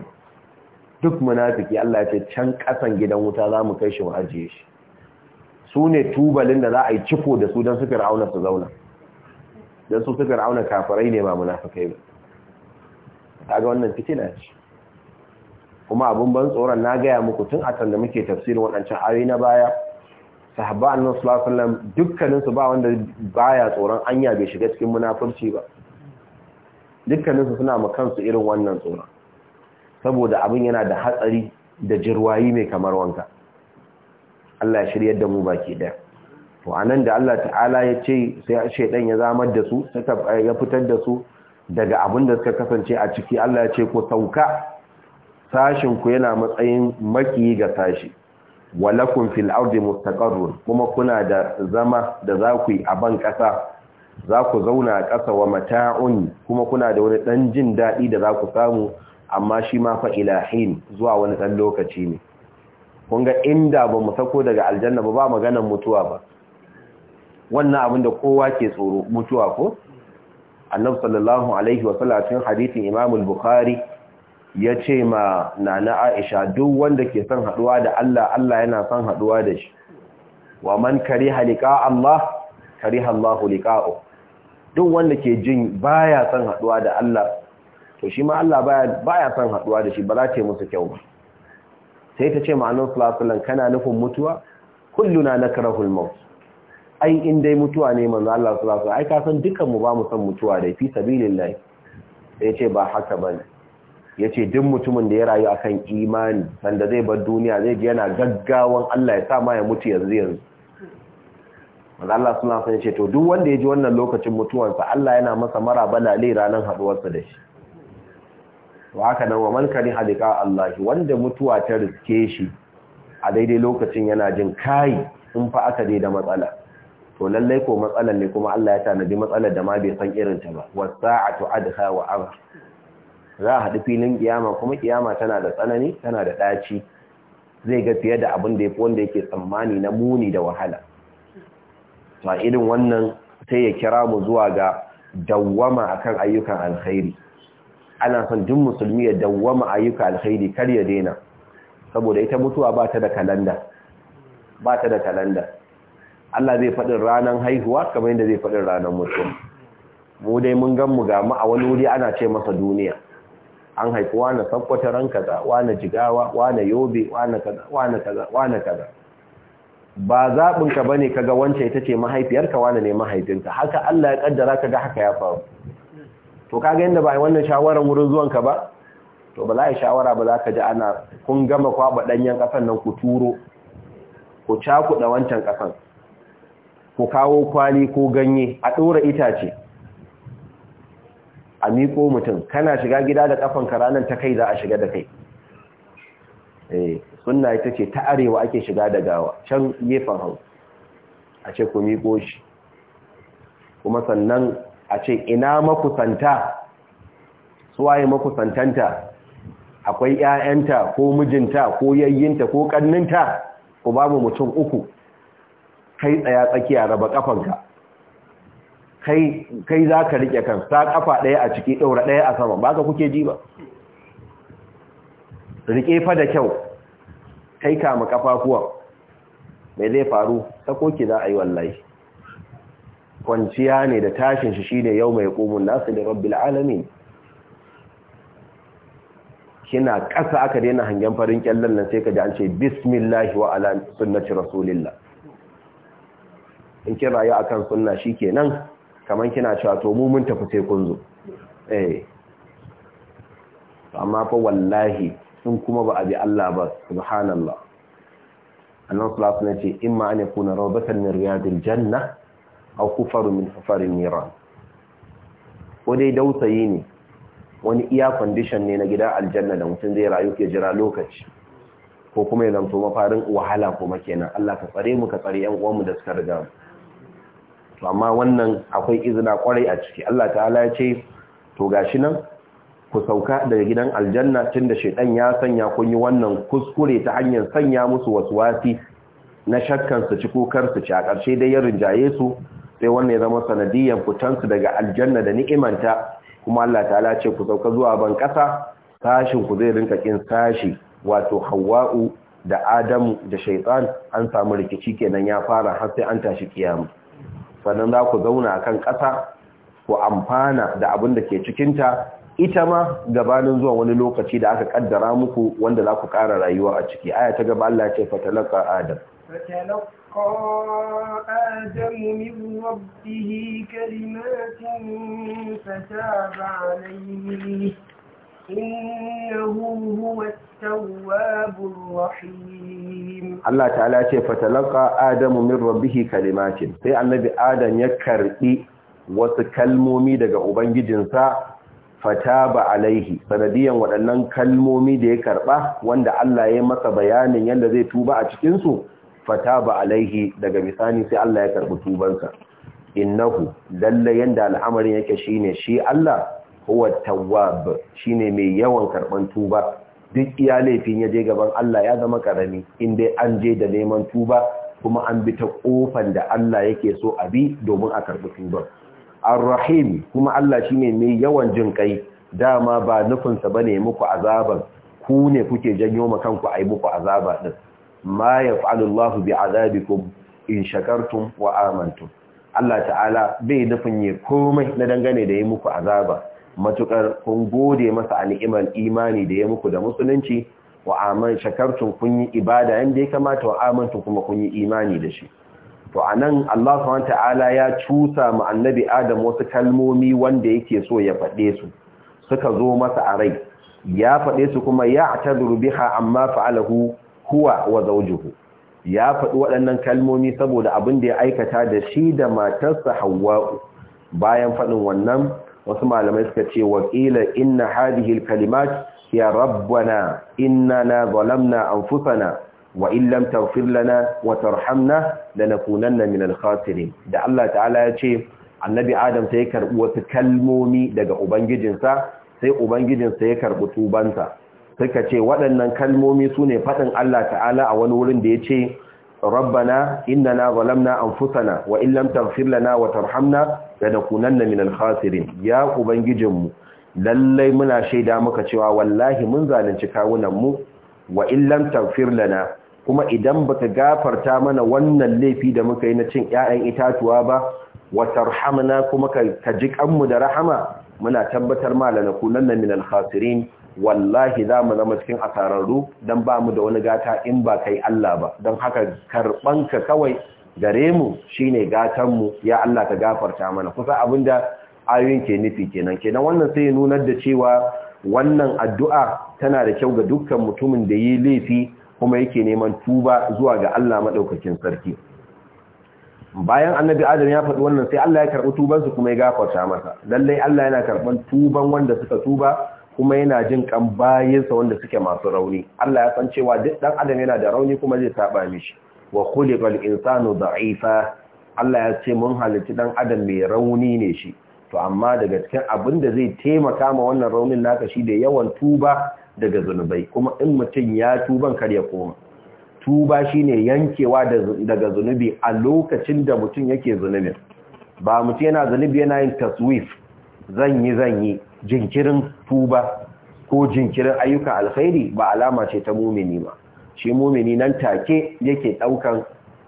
[SPEAKER 1] duk munafiki Allah ya ce can kasan gidan wuta za mu kai shi mu ajiye shi su ne tubalin da za a yi ciko da su don su fir'auna su zauna don su fir'auna kafirai ne ba munafikai ba kaga wannan fitina ce kuma abun ban tsoron na gaya muku tun a da muke tafsirin waɗancan ayoyi na baya sahaba annabi sallallahu alaihi wasallam dukkanin su ba wanda baya tsoron anya bai shiga cikin munafurci ba dukkanin su suna makan su irin wannan tsoron saboda abin yana da hatsari da jirwayi mai kamar wanka Allah ya shiryar da mu baki daya to anan da Allah ta'ala ya ce sai shaydan ya zamar da su suka eh, ya fitar da su daga abin da suka kasance a ciki Allah ya ce ko sauka sashin ku yana matsayin maki ga sashi walakun fil ardi mustaqarrun kuma kuna da zama da za ku yi a ban ƙasa za ku zauna a ƙasa wa mata'un kuma kuna da wani ɗan jin daɗi da za ku samu amma shi ma fa ilahin zuwa wani dan lokaci ne kun ga inda ba mu sako daga aljanna ba ba maganar mutuwa ba wannan abin da kowa ke tsoro mutuwa ko annabi sallallahu alaihi wa sallam hadisin imam bukhari ya ce ma na aisha duk wanda ke son haduwa da Allah Allah yana son haduwa da shi wa man kariha liqa Allah kariha Allah liqa'u duk wanda ke jin baya son haduwa da Allah to shi ma Allah baya baya son haduwa da shi ba za ta yi musu kyau ba sai ta ce ma annabi sallallahu alaihi kana nufin mutuwa kulluna nakrahul maut ai in dai mutuwa ne manzo Allah sallallahu alaihi ai ka san dukan mu ba mu san mutuwa dai fi sabilillah sai ce ba haka bane ya ce duk mutumin da ya rayu a kan imani sanda zai bar duniya zai ji yana gaggawan Allah ya sa ya mutu yanzu yanzu wanda Allah suna sun ce to duk wanda ya ji wannan lokacin mutuwansa Allah yana masa mara balale ranar haɗuwarsa da shi wa haka nan wa man kari halika Allah wanda mutuwa ta riske shi a daidai lokacin yana jin kai in fa aka dai da matsala to lallai ko matsalan ne kuma Allah ya tanadi matsalar da ma bai san irin ta ba wasa'atu adha wa amr za a haɗu filin kiyama kuma kiyama tana da tsanani tana da ɗaci zai ga fiye da abin da ya fi wanda yake tsammani na muni da wahala ma irin wannan sai ya kira mu zuwa ga dawwama akan ayyukan alkhairi ana son duk musulmi ya dawwama ayyukan alkhairi kar ya daina saboda ita mutuwa ba ta da kalanda ba ta da kalanda Allah zai faɗin ranar haihuwa kamar yadda zai faɗin ranar mutum. mu dai mun gan mu ga mu a wani wuri ana ce masa duniya an haifi wane sakwata ran kaza wane jigawa wane yobe wane kaza wane kaza wane kaza ba zaɓinka ba ne kaga wancan ita ce mahaifiyarka wane ne mahaifinka haka Allah ya ƙaddara kaga haka ya faru to kaga yadda ba wannan shawarar wurin zuwanka ba to ba za a shawara ba za ka ji ana kun gama kwaɓa ɗanyen ƙasan nan ku turo ku cakuɗa wancan ƙasan ku kawo kwali ko ganye a ɗora itace a miko mutum kana shiga gida da kafan ranar ta kai za a shiga da kai eh, sunna ita ce ta arewa ake shiga da gawa can gefen hau a ce ku miƙo shi kuma sannan a ce ina makusanta suwaye makusantanta akwai 'ya'yanta ko mijinta ko yayyinta ko ƙanninta ku babu mutum uku kai tsaya tsakiya raba ƙafanka kai kai za ka riƙe kan sa ƙafa ɗaya a ciki ɗaura ɗaya a sama ba ka kuke ji ba riƙe fa da kyau kai kama ƙafafuwa mai zai faru sakoki za a yi wallahi kwanciya ne da tashin shi shine yau mai ƙumun nasu da rabbil alamin kina ƙasa aka daina hangen farin kyallon nan sai ka ji an ce bismillahi wa ala sunnati rasulillah in kira rayu akan sunna shi kenan. kamar kina cewa to mu mun tafi sai kun zo eh amma fa wallahi sun kuma ba a bi Allah ba subhanallah annan sallallahu alaihi ce imma an yakuna rawbatan min riyadil janna aw kufarun min hufarin niran ko dai dausayi ne wani iya condition ne na gida aljanna da mutum zai rayu ke jira lokaci ko kuma ya zanto mafarin wahala kuma kenan Allah ka tsare mu ka tsare yan uwanmu da suka riga mu To amma wannan akwai izina kwarai a ciki Allah ta'ala ya ce to gashi nan ku sauka daga gidan aljanna da shaidan ya sanya kun yi wannan kuskure ta hanyar sanya musu wasu wasi na shakkan su ci kukarsu su ci a ƙarshe dai ya rinjaye su sai wannan ya zama sanadiyan fitansu daga aljanna da ni'imanta kuma Allah ta'ala ce ku sauka zuwa ban ƙasa sashin ku zai rinka kin sashi wato hawa'u da Adamu da Shaytan an samu rikici kenan ya fara har sai an tashi kiyama sannan za ku zauna a kan ƙasa ku amfana da abin da ke cikinta ita ma gabanin zuwa wani lokaci da aka ƙaddara muku wanda za ku ƙara rayuwa a ciki aya ta gaba Allah ce fatalaka adam
[SPEAKER 2] فتلقى Adam. إنه هو التواب الرحيم
[SPEAKER 1] الله تعالى فتلقى آدم من ربه كلمات في النبي آدم kalmomi وتكلمومي daga Ubangijinsa fataba alaihi sanadiyan waɗannan kalmomi da ya karɓa wanda Allah ya masa bayanin yadda zai tuba a cikinsu fataba alaihi daga misani sai Allah ya karɓi tubansa innahu lallai yanda al'amarin yake shine shi Allah huwa tawwab shine mai yawan karban tuba duk iya laifin ya je gaban Allah ya zama karami in dai an je da neman tuba kuma an bi ta ƙofan da Allah yake so a bi domin a karbi tuba. ar-rahim kuma Allah shine mai yawan jin kai dama ba nufinsa ba ne muku azaban ku ne kuke janyo ma kanku ayi muku azaba din ma ya Allah bi azabikum in shakartum wa amantum Allah ta'ala bai nufin ya komai na dangane da yi muku azaba matukar kun gode masa a imani da ya muku da musulunci wa amin shakartun kun yi ibada yadda ya kamata wa kuma kun yi imani da shi to a nan, Allah ta'ala ya cusa mu annabi Adam wasu kalmomi wanda yake so ya faɗe su suka zo masa a rai ya faɗe su kuma ya atadru biha amma fa'alahu huwa wa zaujuhu. ya faɗi waɗannan kalmomi saboda abin da ya aikata da shi da matarsa Hawwa'u bayan faɗin wannan wasu malamai suka ce waƙila inna hadihil kalimat ya rabbana innana zalamna anfusana wa illam taghfir lana wa tarhamna lanakunanna minal khasirin da Allah ta'ala ya ce annabi Adam sai ya karɓi wasu kalmomi daga ubangijinsa sai ubangijinsa ya karɓi tubansa suka ce waɗannan kalmomi sune faɗin Allah ta'ala a wani wurin da ya ce rabbana innana na, anfusana wa in lam taghfir lana wa tarhamna lanakunanna minal khasirin ya ubangijinmu lallai muna shaida maka cewa wallahi mun zalunci kawunan mu wa in lam taghfir lana kuma idan baka gafarta mana wannan laifi da muka yi na cin 'ya'yan itatuwa ba wa tarhamna kuma ka ji kanmu da rahama muna tabbatar ma lanakunanna minal khasirin wallahi za mu zama cikin asararru don ba mu da wani gata in ba kai Allah ba don haka karɓanka kawai gare mu shine gatanmu ya Allah ka gafarta mana kusa da ayoyin ke nufi kenan kenan wannan sai ya nunar da cewa wannan addu'a tana da kyau ga dukkan mutumin da yi laifi kuma yake neman tuba zuwa ga Allah madaukakin sarki bayan annabi adam ya faɗi wannan sai Allah ya karɓi tubansu kuma ya gafarta masa lallai Allah yana karɓan tuban wanda suka tuba kuma yana jin kan bayinsa wanda suke masu rauni Allah ya san cewa duk ɗan adam yana da rauni kuma zai saba mishi wa khuliqal insanu da'ifa Allah ya ce mun halitta dan adam mai rauni ne shi to amma daga cikin abin da zai taimaka ma wannan raunin naka shi da yawan tuba daga zunubai kuma in mutum ya tuban kar ya koma tuba shine yankewa daga zunubi a lokacin da mutum yake zunubin ba mutum yana zunubi yana yin taswif zan yi zan yi jinkirin tuba ko jinkirin ayyukan alkhairi ba alama ce ta mumini ba shi mumini nan take yake daukan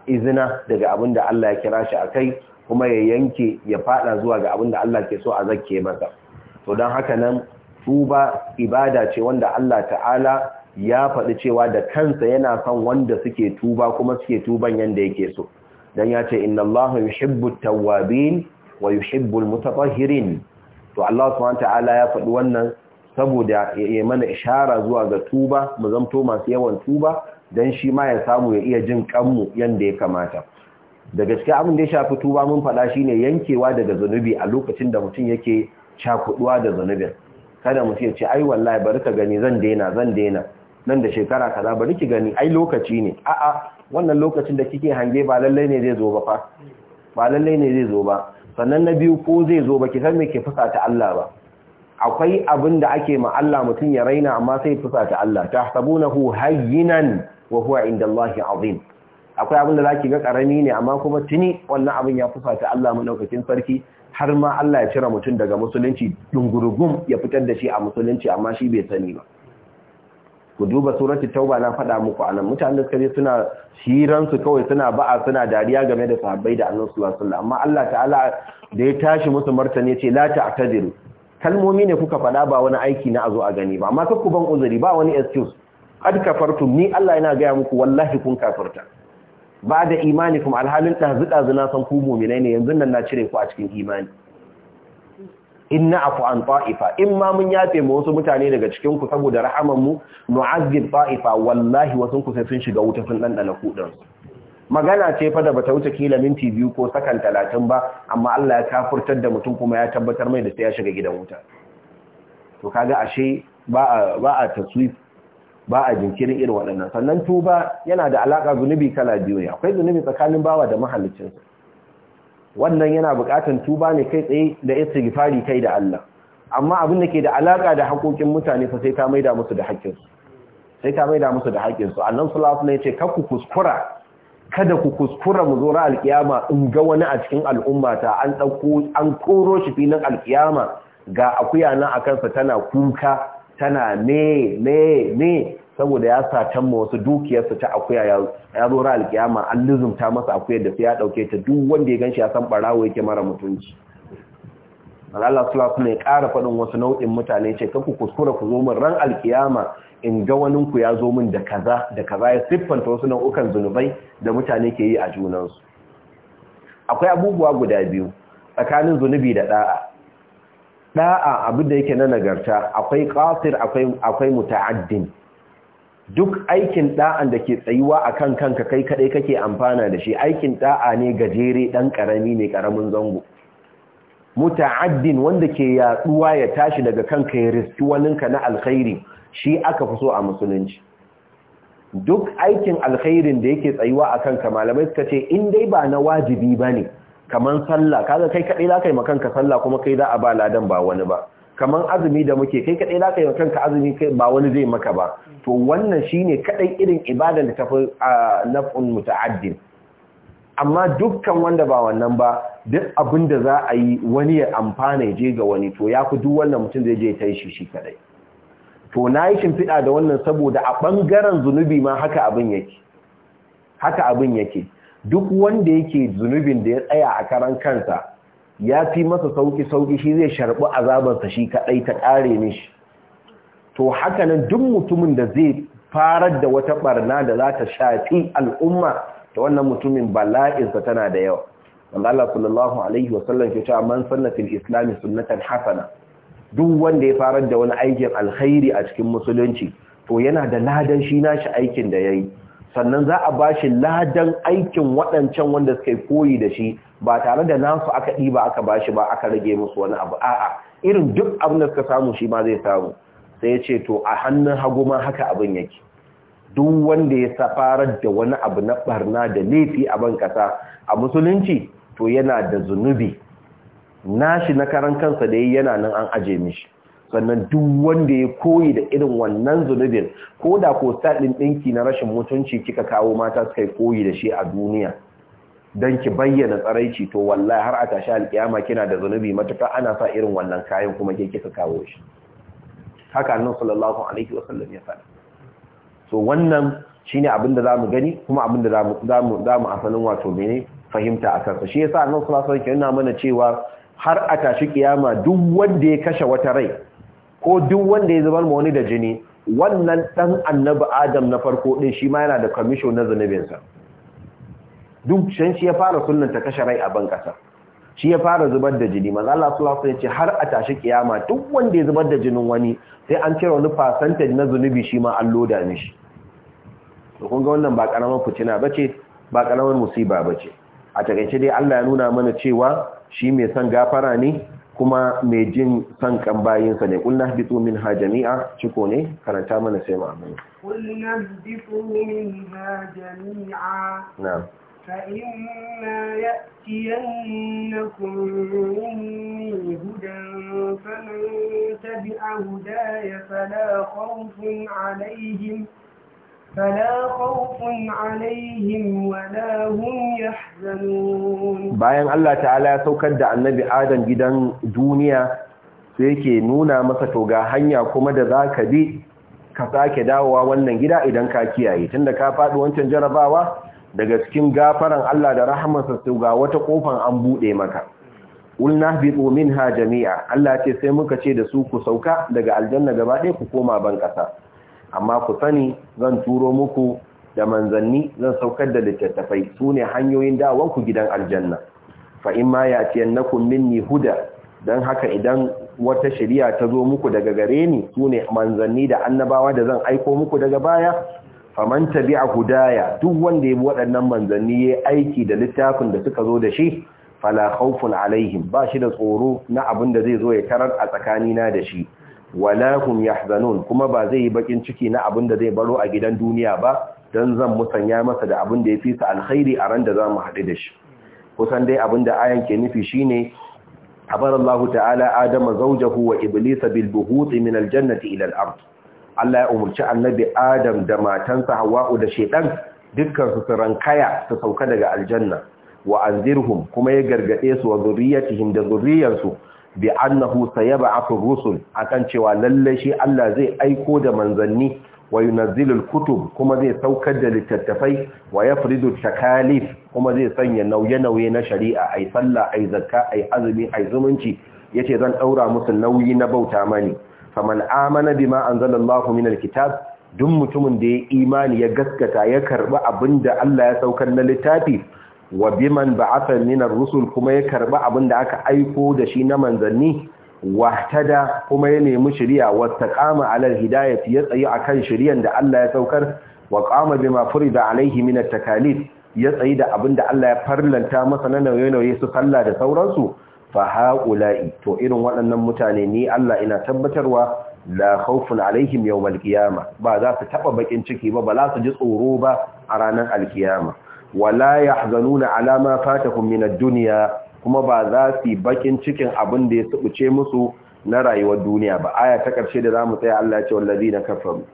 [SPEAKER 1] izina daga abin da Allah ya kira shi akai kuma ya yanke ya fada zuwa ga abin da Allah ke so a zakke masa to dan haka nan tuba ibada ce wanda Allah ta'ala ya faɗi cewa da kansa yana son wanda suke tuba kuma suke tuban yanda yake so dan ya ce inna Allahu yuhibbu tawwabin wa yuhibbu mutatahhirin to Allah subhanahu ta'ala ya faɗi wannan saboda ya mana ishara zuwa ga tuba mu zamto masu yawan tuba dan shi ma ya samu ya iya jin kanmu yanda ya kamata da gaskiya abin da ya shafi tuba mun faɗa shine yankewa daga zanubi a lokacin da mutum yake cakuduwa da zanubin kada mutum ya ce ai wallahi bari ka gani zan daina zan daina nan da shekara kaza bari ki gani ai lokaci ne a'a wannan lokacin da kike hange ba lallai ne zai zo ba fa ba lallai ne zai zo ba sannan na biyu ko zai zo ba ki san me ke ta Allah ba akwai abin da ake ma Allah mutum ya raina amma sai ta Allah tahsabunahu hayyinan wa huwa indallahi azim akwai abin da zaki ga karami ne amma kuma tuni wannan abin ya ta Allah madaukakin sarki har ma Allah ya cire mutum daga musulunci dungurugum ya fitar da shi a musulunci amma shi bai sani ba ku duba suratul tauba na faɗa muku anan mutanen da suna hiran su kawai suna ba'a suna dariya game da sahabbai da annabi sallallahu alaihi wasallam amma Allah ta'ala da ya tashi musu martani ce la ta'tadiru kalmomi ne kuka faɗa ba wani aiki na azo a gani ba amma ku ban uzuri ba wani excuse qad kafartum ni Allah yana ga muku wallahi kun kafarta. ba da imani kuma alhalin ɗazu-ɗazu na san ku muminai ne yanzu nan na cire ku a cikin imani Inna na'fu an ta'ifa in ma mun yafe mu wasu mutane daga cikin ku saboda rahaman mu mu'azzib ta'ifa wallahi wasu ku sai sun shiga wuta sun dan kuɗin. kudin magana ce fa da bata wuce kila minti biyu ko sakan 30 ba amma Allah ya kafurtar da mutum kuma ya tabbatar mai da sai ya shiga gidan wuta to kaga ashe ba a ba a taswif ba a jinkirin irin waɗannan sannan tuba yana da alaka zunubi kala biyu ne akwai zunubi tsakanin bawa da mahallicinsa wannan yana buƙatar tuba ne kai tsaye da istighfari kai da Allah amma abin da ke da alaka da haƙoƙin mutane fa sai ka maida musu da haƙƙin su sai ka maida musu da haƙƙin su annabi sallallahu alaihi wasallam ya ce ka ku kuskura kada ku kuskura mu zo ran alkiyama in ga wani a cikin al'umma ta an dauko an koro shi filin alkiyama ga akuya nan akan sa tana kuka tana me me me saboda ya satan ma wasu dukiyarsa ta akuya ya zo ra alkiyama an lizumta masa akuyar da su ya dauke ta duk wanda ya ganshi ya san barawo yake mara mutunci Allah sallallahu alaihi ya ƙara faɗin wasu nau'in mutane ce kanku kuskura ku zo min ran alkiyama in ga wanin ku ya zo min da kaza da kaza ya siffanta wasu nau'ukan zunubai da mutane ke yi a junansu akwai abubuwa guda biyu tsakanin zunubi da ɗa'a. da'a abin da yake na nagarta akwai ƙasir akwai akwai muta'addin duk aikin da'an da ke tsayuwa a kan kanka kai kadai kake amfana da shi aikin da'a ne gajere dan karami ne karamin zango muta'addin wanda ke yaduwa ya tashi daga kanka ya riski waninka na alkhairi shi aka fi so a musulunci duk aikin alkhairin da yake tsayuwa a kanka malamai suka ce in dai ba na wajibi ba ne kamar sallah kaga kai kaɗai za ka yi kanka sallah kuma kai za a ba ladan ba wani ba kaman azumi da muke kai kadai za ka yi kanka azumi kai ba wani zai maka ba to wannan shine kadai irin ibadan da tafi naf'un muta'addin amma dukkan wanda ba wannan ba duk abin da za a yi wani ya amfana je ga wani to ya ku duk wannan mutum zai je ta yi shi shi kadai to na yi shimfiɗa da wannan saboda a ɓangaren zunubi ma haka abin yake haka abin yake duk wanda yake zunubin da ya tsaya a karan kansa ya fi masa sauƙi-sauƙi shi zai sharɓi azabarsa shi kaɗai ta ƙare shi. to haka nan duk mutumin da zai farar da wata ɓarna da za ta shafi al'umma ta wannan mutumin bala'insa tana da yawa wanda Allah sallallahu alaihi wasallam ke cewa man sannafin islami islam sunnatan hasana duk wanda ya farar da wani aikin alkhairi a cikin musulunci to yana da ladan shi nashi aikin da ya yi. sannan za a ba shi ladan aikin waɗancan wanda suka yi koyi da shi ba tare da nasu aka ɗiba aka ba shi ba aka rage musu wani abu a'a irin duk abin da suka samu shi ma zai samu sai ya ce to a hannun hagu ma haka abin yake duk wanda ya safarar da wani abu na barna da laifi a ban kasa a musulunci to yana da zunubi nashi na karan kansa da yi yana nan an aje mishi sannan duk wanda ya koyi da irin wannan zunubin ko da ko sadin dinki na rashin mutunci kika kawo mata suka koyi da shi a duniya don ki bayyana tsaraici to wallahi har a tashi alkiyama kina da zunubi matuka ana sa irin wannan kayan kuma ke kika kawo shi haka annabi sallallahu alaihi wasallam ya faɗa so wannan shine abinda zamu gani kuma abinda zamu zamu zamu asalin wato mene fahimta a kansa shi yasa annabi sallallahu alaihi wasallam yana mana cewa har a tashi kiyama duk wanda ya kashe wata rai ko duk wanda ya zubar ma wani da jini wannan dan annabi adam na farko din shi ma yana da commission na zunubinsa duk shan shi ya fara ta kashe rai a ban kasa shi ya fara zubar da jini manzo Allah sallallahu alaihi wasallam har a tashi kiyama duk wanda ya zubar da jinin wani sai an cire wani percentage na zunubi shi ma an loda mishi to kun ga wannan ba karaman fitina bace ba karaman musiba bace a takeice dai Allah ya nuna mana cewa shi mai son gafara ne kuma mai jin san kan bayinsa ne kullum na bitu min hajjami'a ciko ne karanta mana sai mu
[SPEAKER 2] kullum na bitu min hajjami'a fa'in na ya ciyar na kullum ne hudan sanar ta bi a hudaya فلا خوف عليهم ولا هم يحزنون bayan Allah ta'ala ya
[SPEAKER 1] saukar da annabi Adam gidan duniya sai yake nuna masa to ga hanya kuma da zaka bi ka sake dawowa wannan gida idan ka kiyaye tunda ka faɗi wancan jarabawa daga cikin gafaran Allah da rahamarsa sai ga wata kofan an bude maka ulna bitu minha jami'a Allah ce sai muka ce da su ku sauka daga aljanna gaba ɗaya ku koma ban ƙasa amma ku sani zan turo muku da manzanni zan saukar da littattafai su ne hanyoyin ku gidan aljanna fa in ma ya ciyan minni huda don haka idan wata shari'a ta zo muku daga gare ni su ne manzanni da annabawa da zan aiko muku daga baya faman a hudaya duk wanda ya bi waɗannan manzanni ya aiki da littafin da suka zo da shi fala khawfun alaihim ba shi da tsoro na abin da zai zo ya tarar a tsakanina da shi walahum yahzanun kuma ba zai yi bakin ciki na abin da zai baro a gidan duniya ba dan zan musanya masa da abin da ya fisa sa alkhairi a ran da zamu haɗu da shi kusan dai abin da ayan ke nufi shine abar Allah ta'ala Adama zawjahu wa iblisa bil buhuti min al jannati ila al ard Allah ya umurci annabi Adam da matansa Hawwa'u da shedan dukkan su rankaya su sauka daga aljanna wa anzirhum kuma ya gargade su wa zurriyatihim da zurriyansu bi annahu sayab'athu rusul akan cewa lalle shi Allah zai aiko da manzanni wa yunazzilul kutub kuma zai saukar da littattafai wa yafridu takalif kuma zai sanya nauye-nauye na shari'a ai sallah ai zakka ai azumi ai zumunci yace zan daura musu nauyi na bauta mani faman amana bima anzalallahu minal kitab duk mutumin da ya imani ya gaskata ya karba abinda Allah ya saukar na littafi wa biman ba'atha minar rusul kuma ya karba abin da aka aiko da shi na manzanni wahtada kuma ya nemi shari'a taqama ala alal hidayati ya tsayi akan shari'an da Allah ya saukar wa qama bima furida alaihi min at-takalif ya tsayi da abinda Allah ya farlanta masa na nauye-nauye su kalla da sauransu fa haula'i to irin waɗannan mutane ni Allah ina tabbatarwa la khawfun alaihim yawmal qiyamah ba za su taba bakin ciki ba ba za su ji tsoro ba a ranar alkiyama wala ya ala ma fatahum min ad duniya kuma ba za su bakin cikin abin da ya subuce musu na rayuwar duniya ba aya ta karshe da za mu tsaya Allah ya ce wallazina kafaru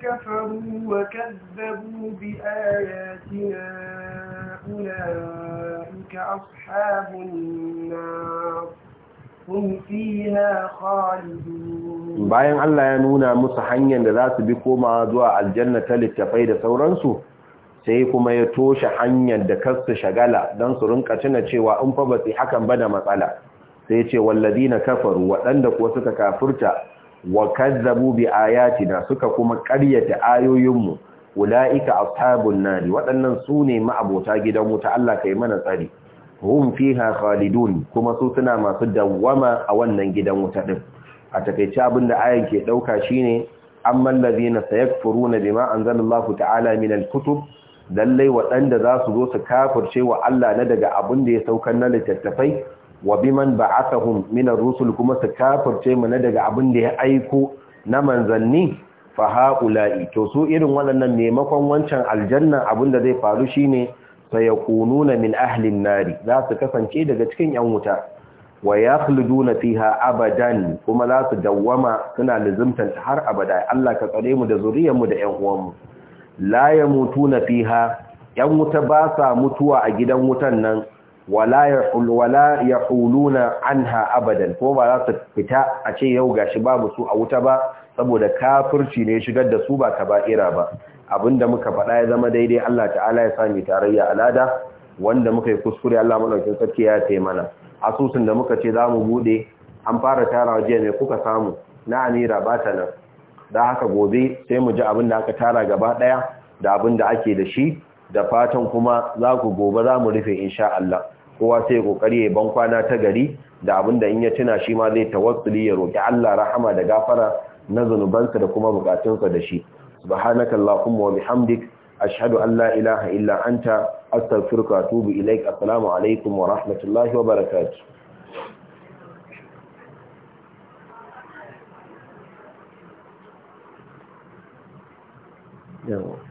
[SPEAKER 2] kafaru wa kazzabu bi بآياتنا أولئك أصحاب النار هم فيها خالدون
[SPEAKER 1] bayan Allah ya nuna musu hanyar da za su bi komawa zuwa aljanna ta littafai da sauransu sai kuma ya toshe hanyar da kasu shagala don su rinka tuna cewa in fa ba su hakan ba da matsala sai ce wallazi na kafaru waɗanda kuwa suka kafurta wa kazzabu bi na suka kuma ƙaryata ayoyinmu ulaika ashabun nari waɗannan su ne ma'abota gidan wuta Allah kai mana tsari hum fiha khalidun kuma su suna masu dawwama a wannan gidan wuta din a takeice abin da ayan ke dauka shine amman ladina sayakfuruna bima anzalallahu ta'ala min al-kutub lallai waɗanda za su zo su kafurce wa Allah na daga abin da ya saukar na littattafai wa biman a sahun minar rusul kuma su kafurce mu na daga abin da ya aiko na manzanni fa haula'i to su irin waɗannan maimakon wancan aljannan abin da zai faru shine sayakununa min ahlin nari za su kasance daga cikin yan wuta wa ya yakhluduna fiha abadan kuma za su dawwama suna lizumtanta har abada Allah ka tsare mu da zuriyar da yan uwan la ya mutu na fiha ‘yan wuta ba sa mutuwa a gidan wutan nan wala ya huluna an ha abadan ko ba za su fita a ce yau gashi babu su a wuta ba saboda kafirci ne shigar da su ba ta ba'ira ba da muka faɗa ya zama daidai Allah ta'ala ya sami tarayya alada wanda muka yi kuskure Allah maɗaukin sarki ya taimana mana asusun da muka ce za mu buɗe an fara tara jiya ne kuka samu na Amira ba ta nan da haka gobe sai mu ji abin da aka tara gaba daya da abin da ake da shi da fatan kuma za ku gobe za mu rufe insha Allah kowa sai ya kokari ya ban kwana ta gari da abin da in ya tuna shi ma zai tawassuli ya roki Allah rahama da gafara na zanubansa da kuma bukatunsa da shi subhanaka allahumma wa bihamdik ashhadu an la ilaha illa anta astaghfiruka wa atubu ilaik assalamu alaikum wa rahmatullahi wa barakatuh
[SPEAKER 2] yawa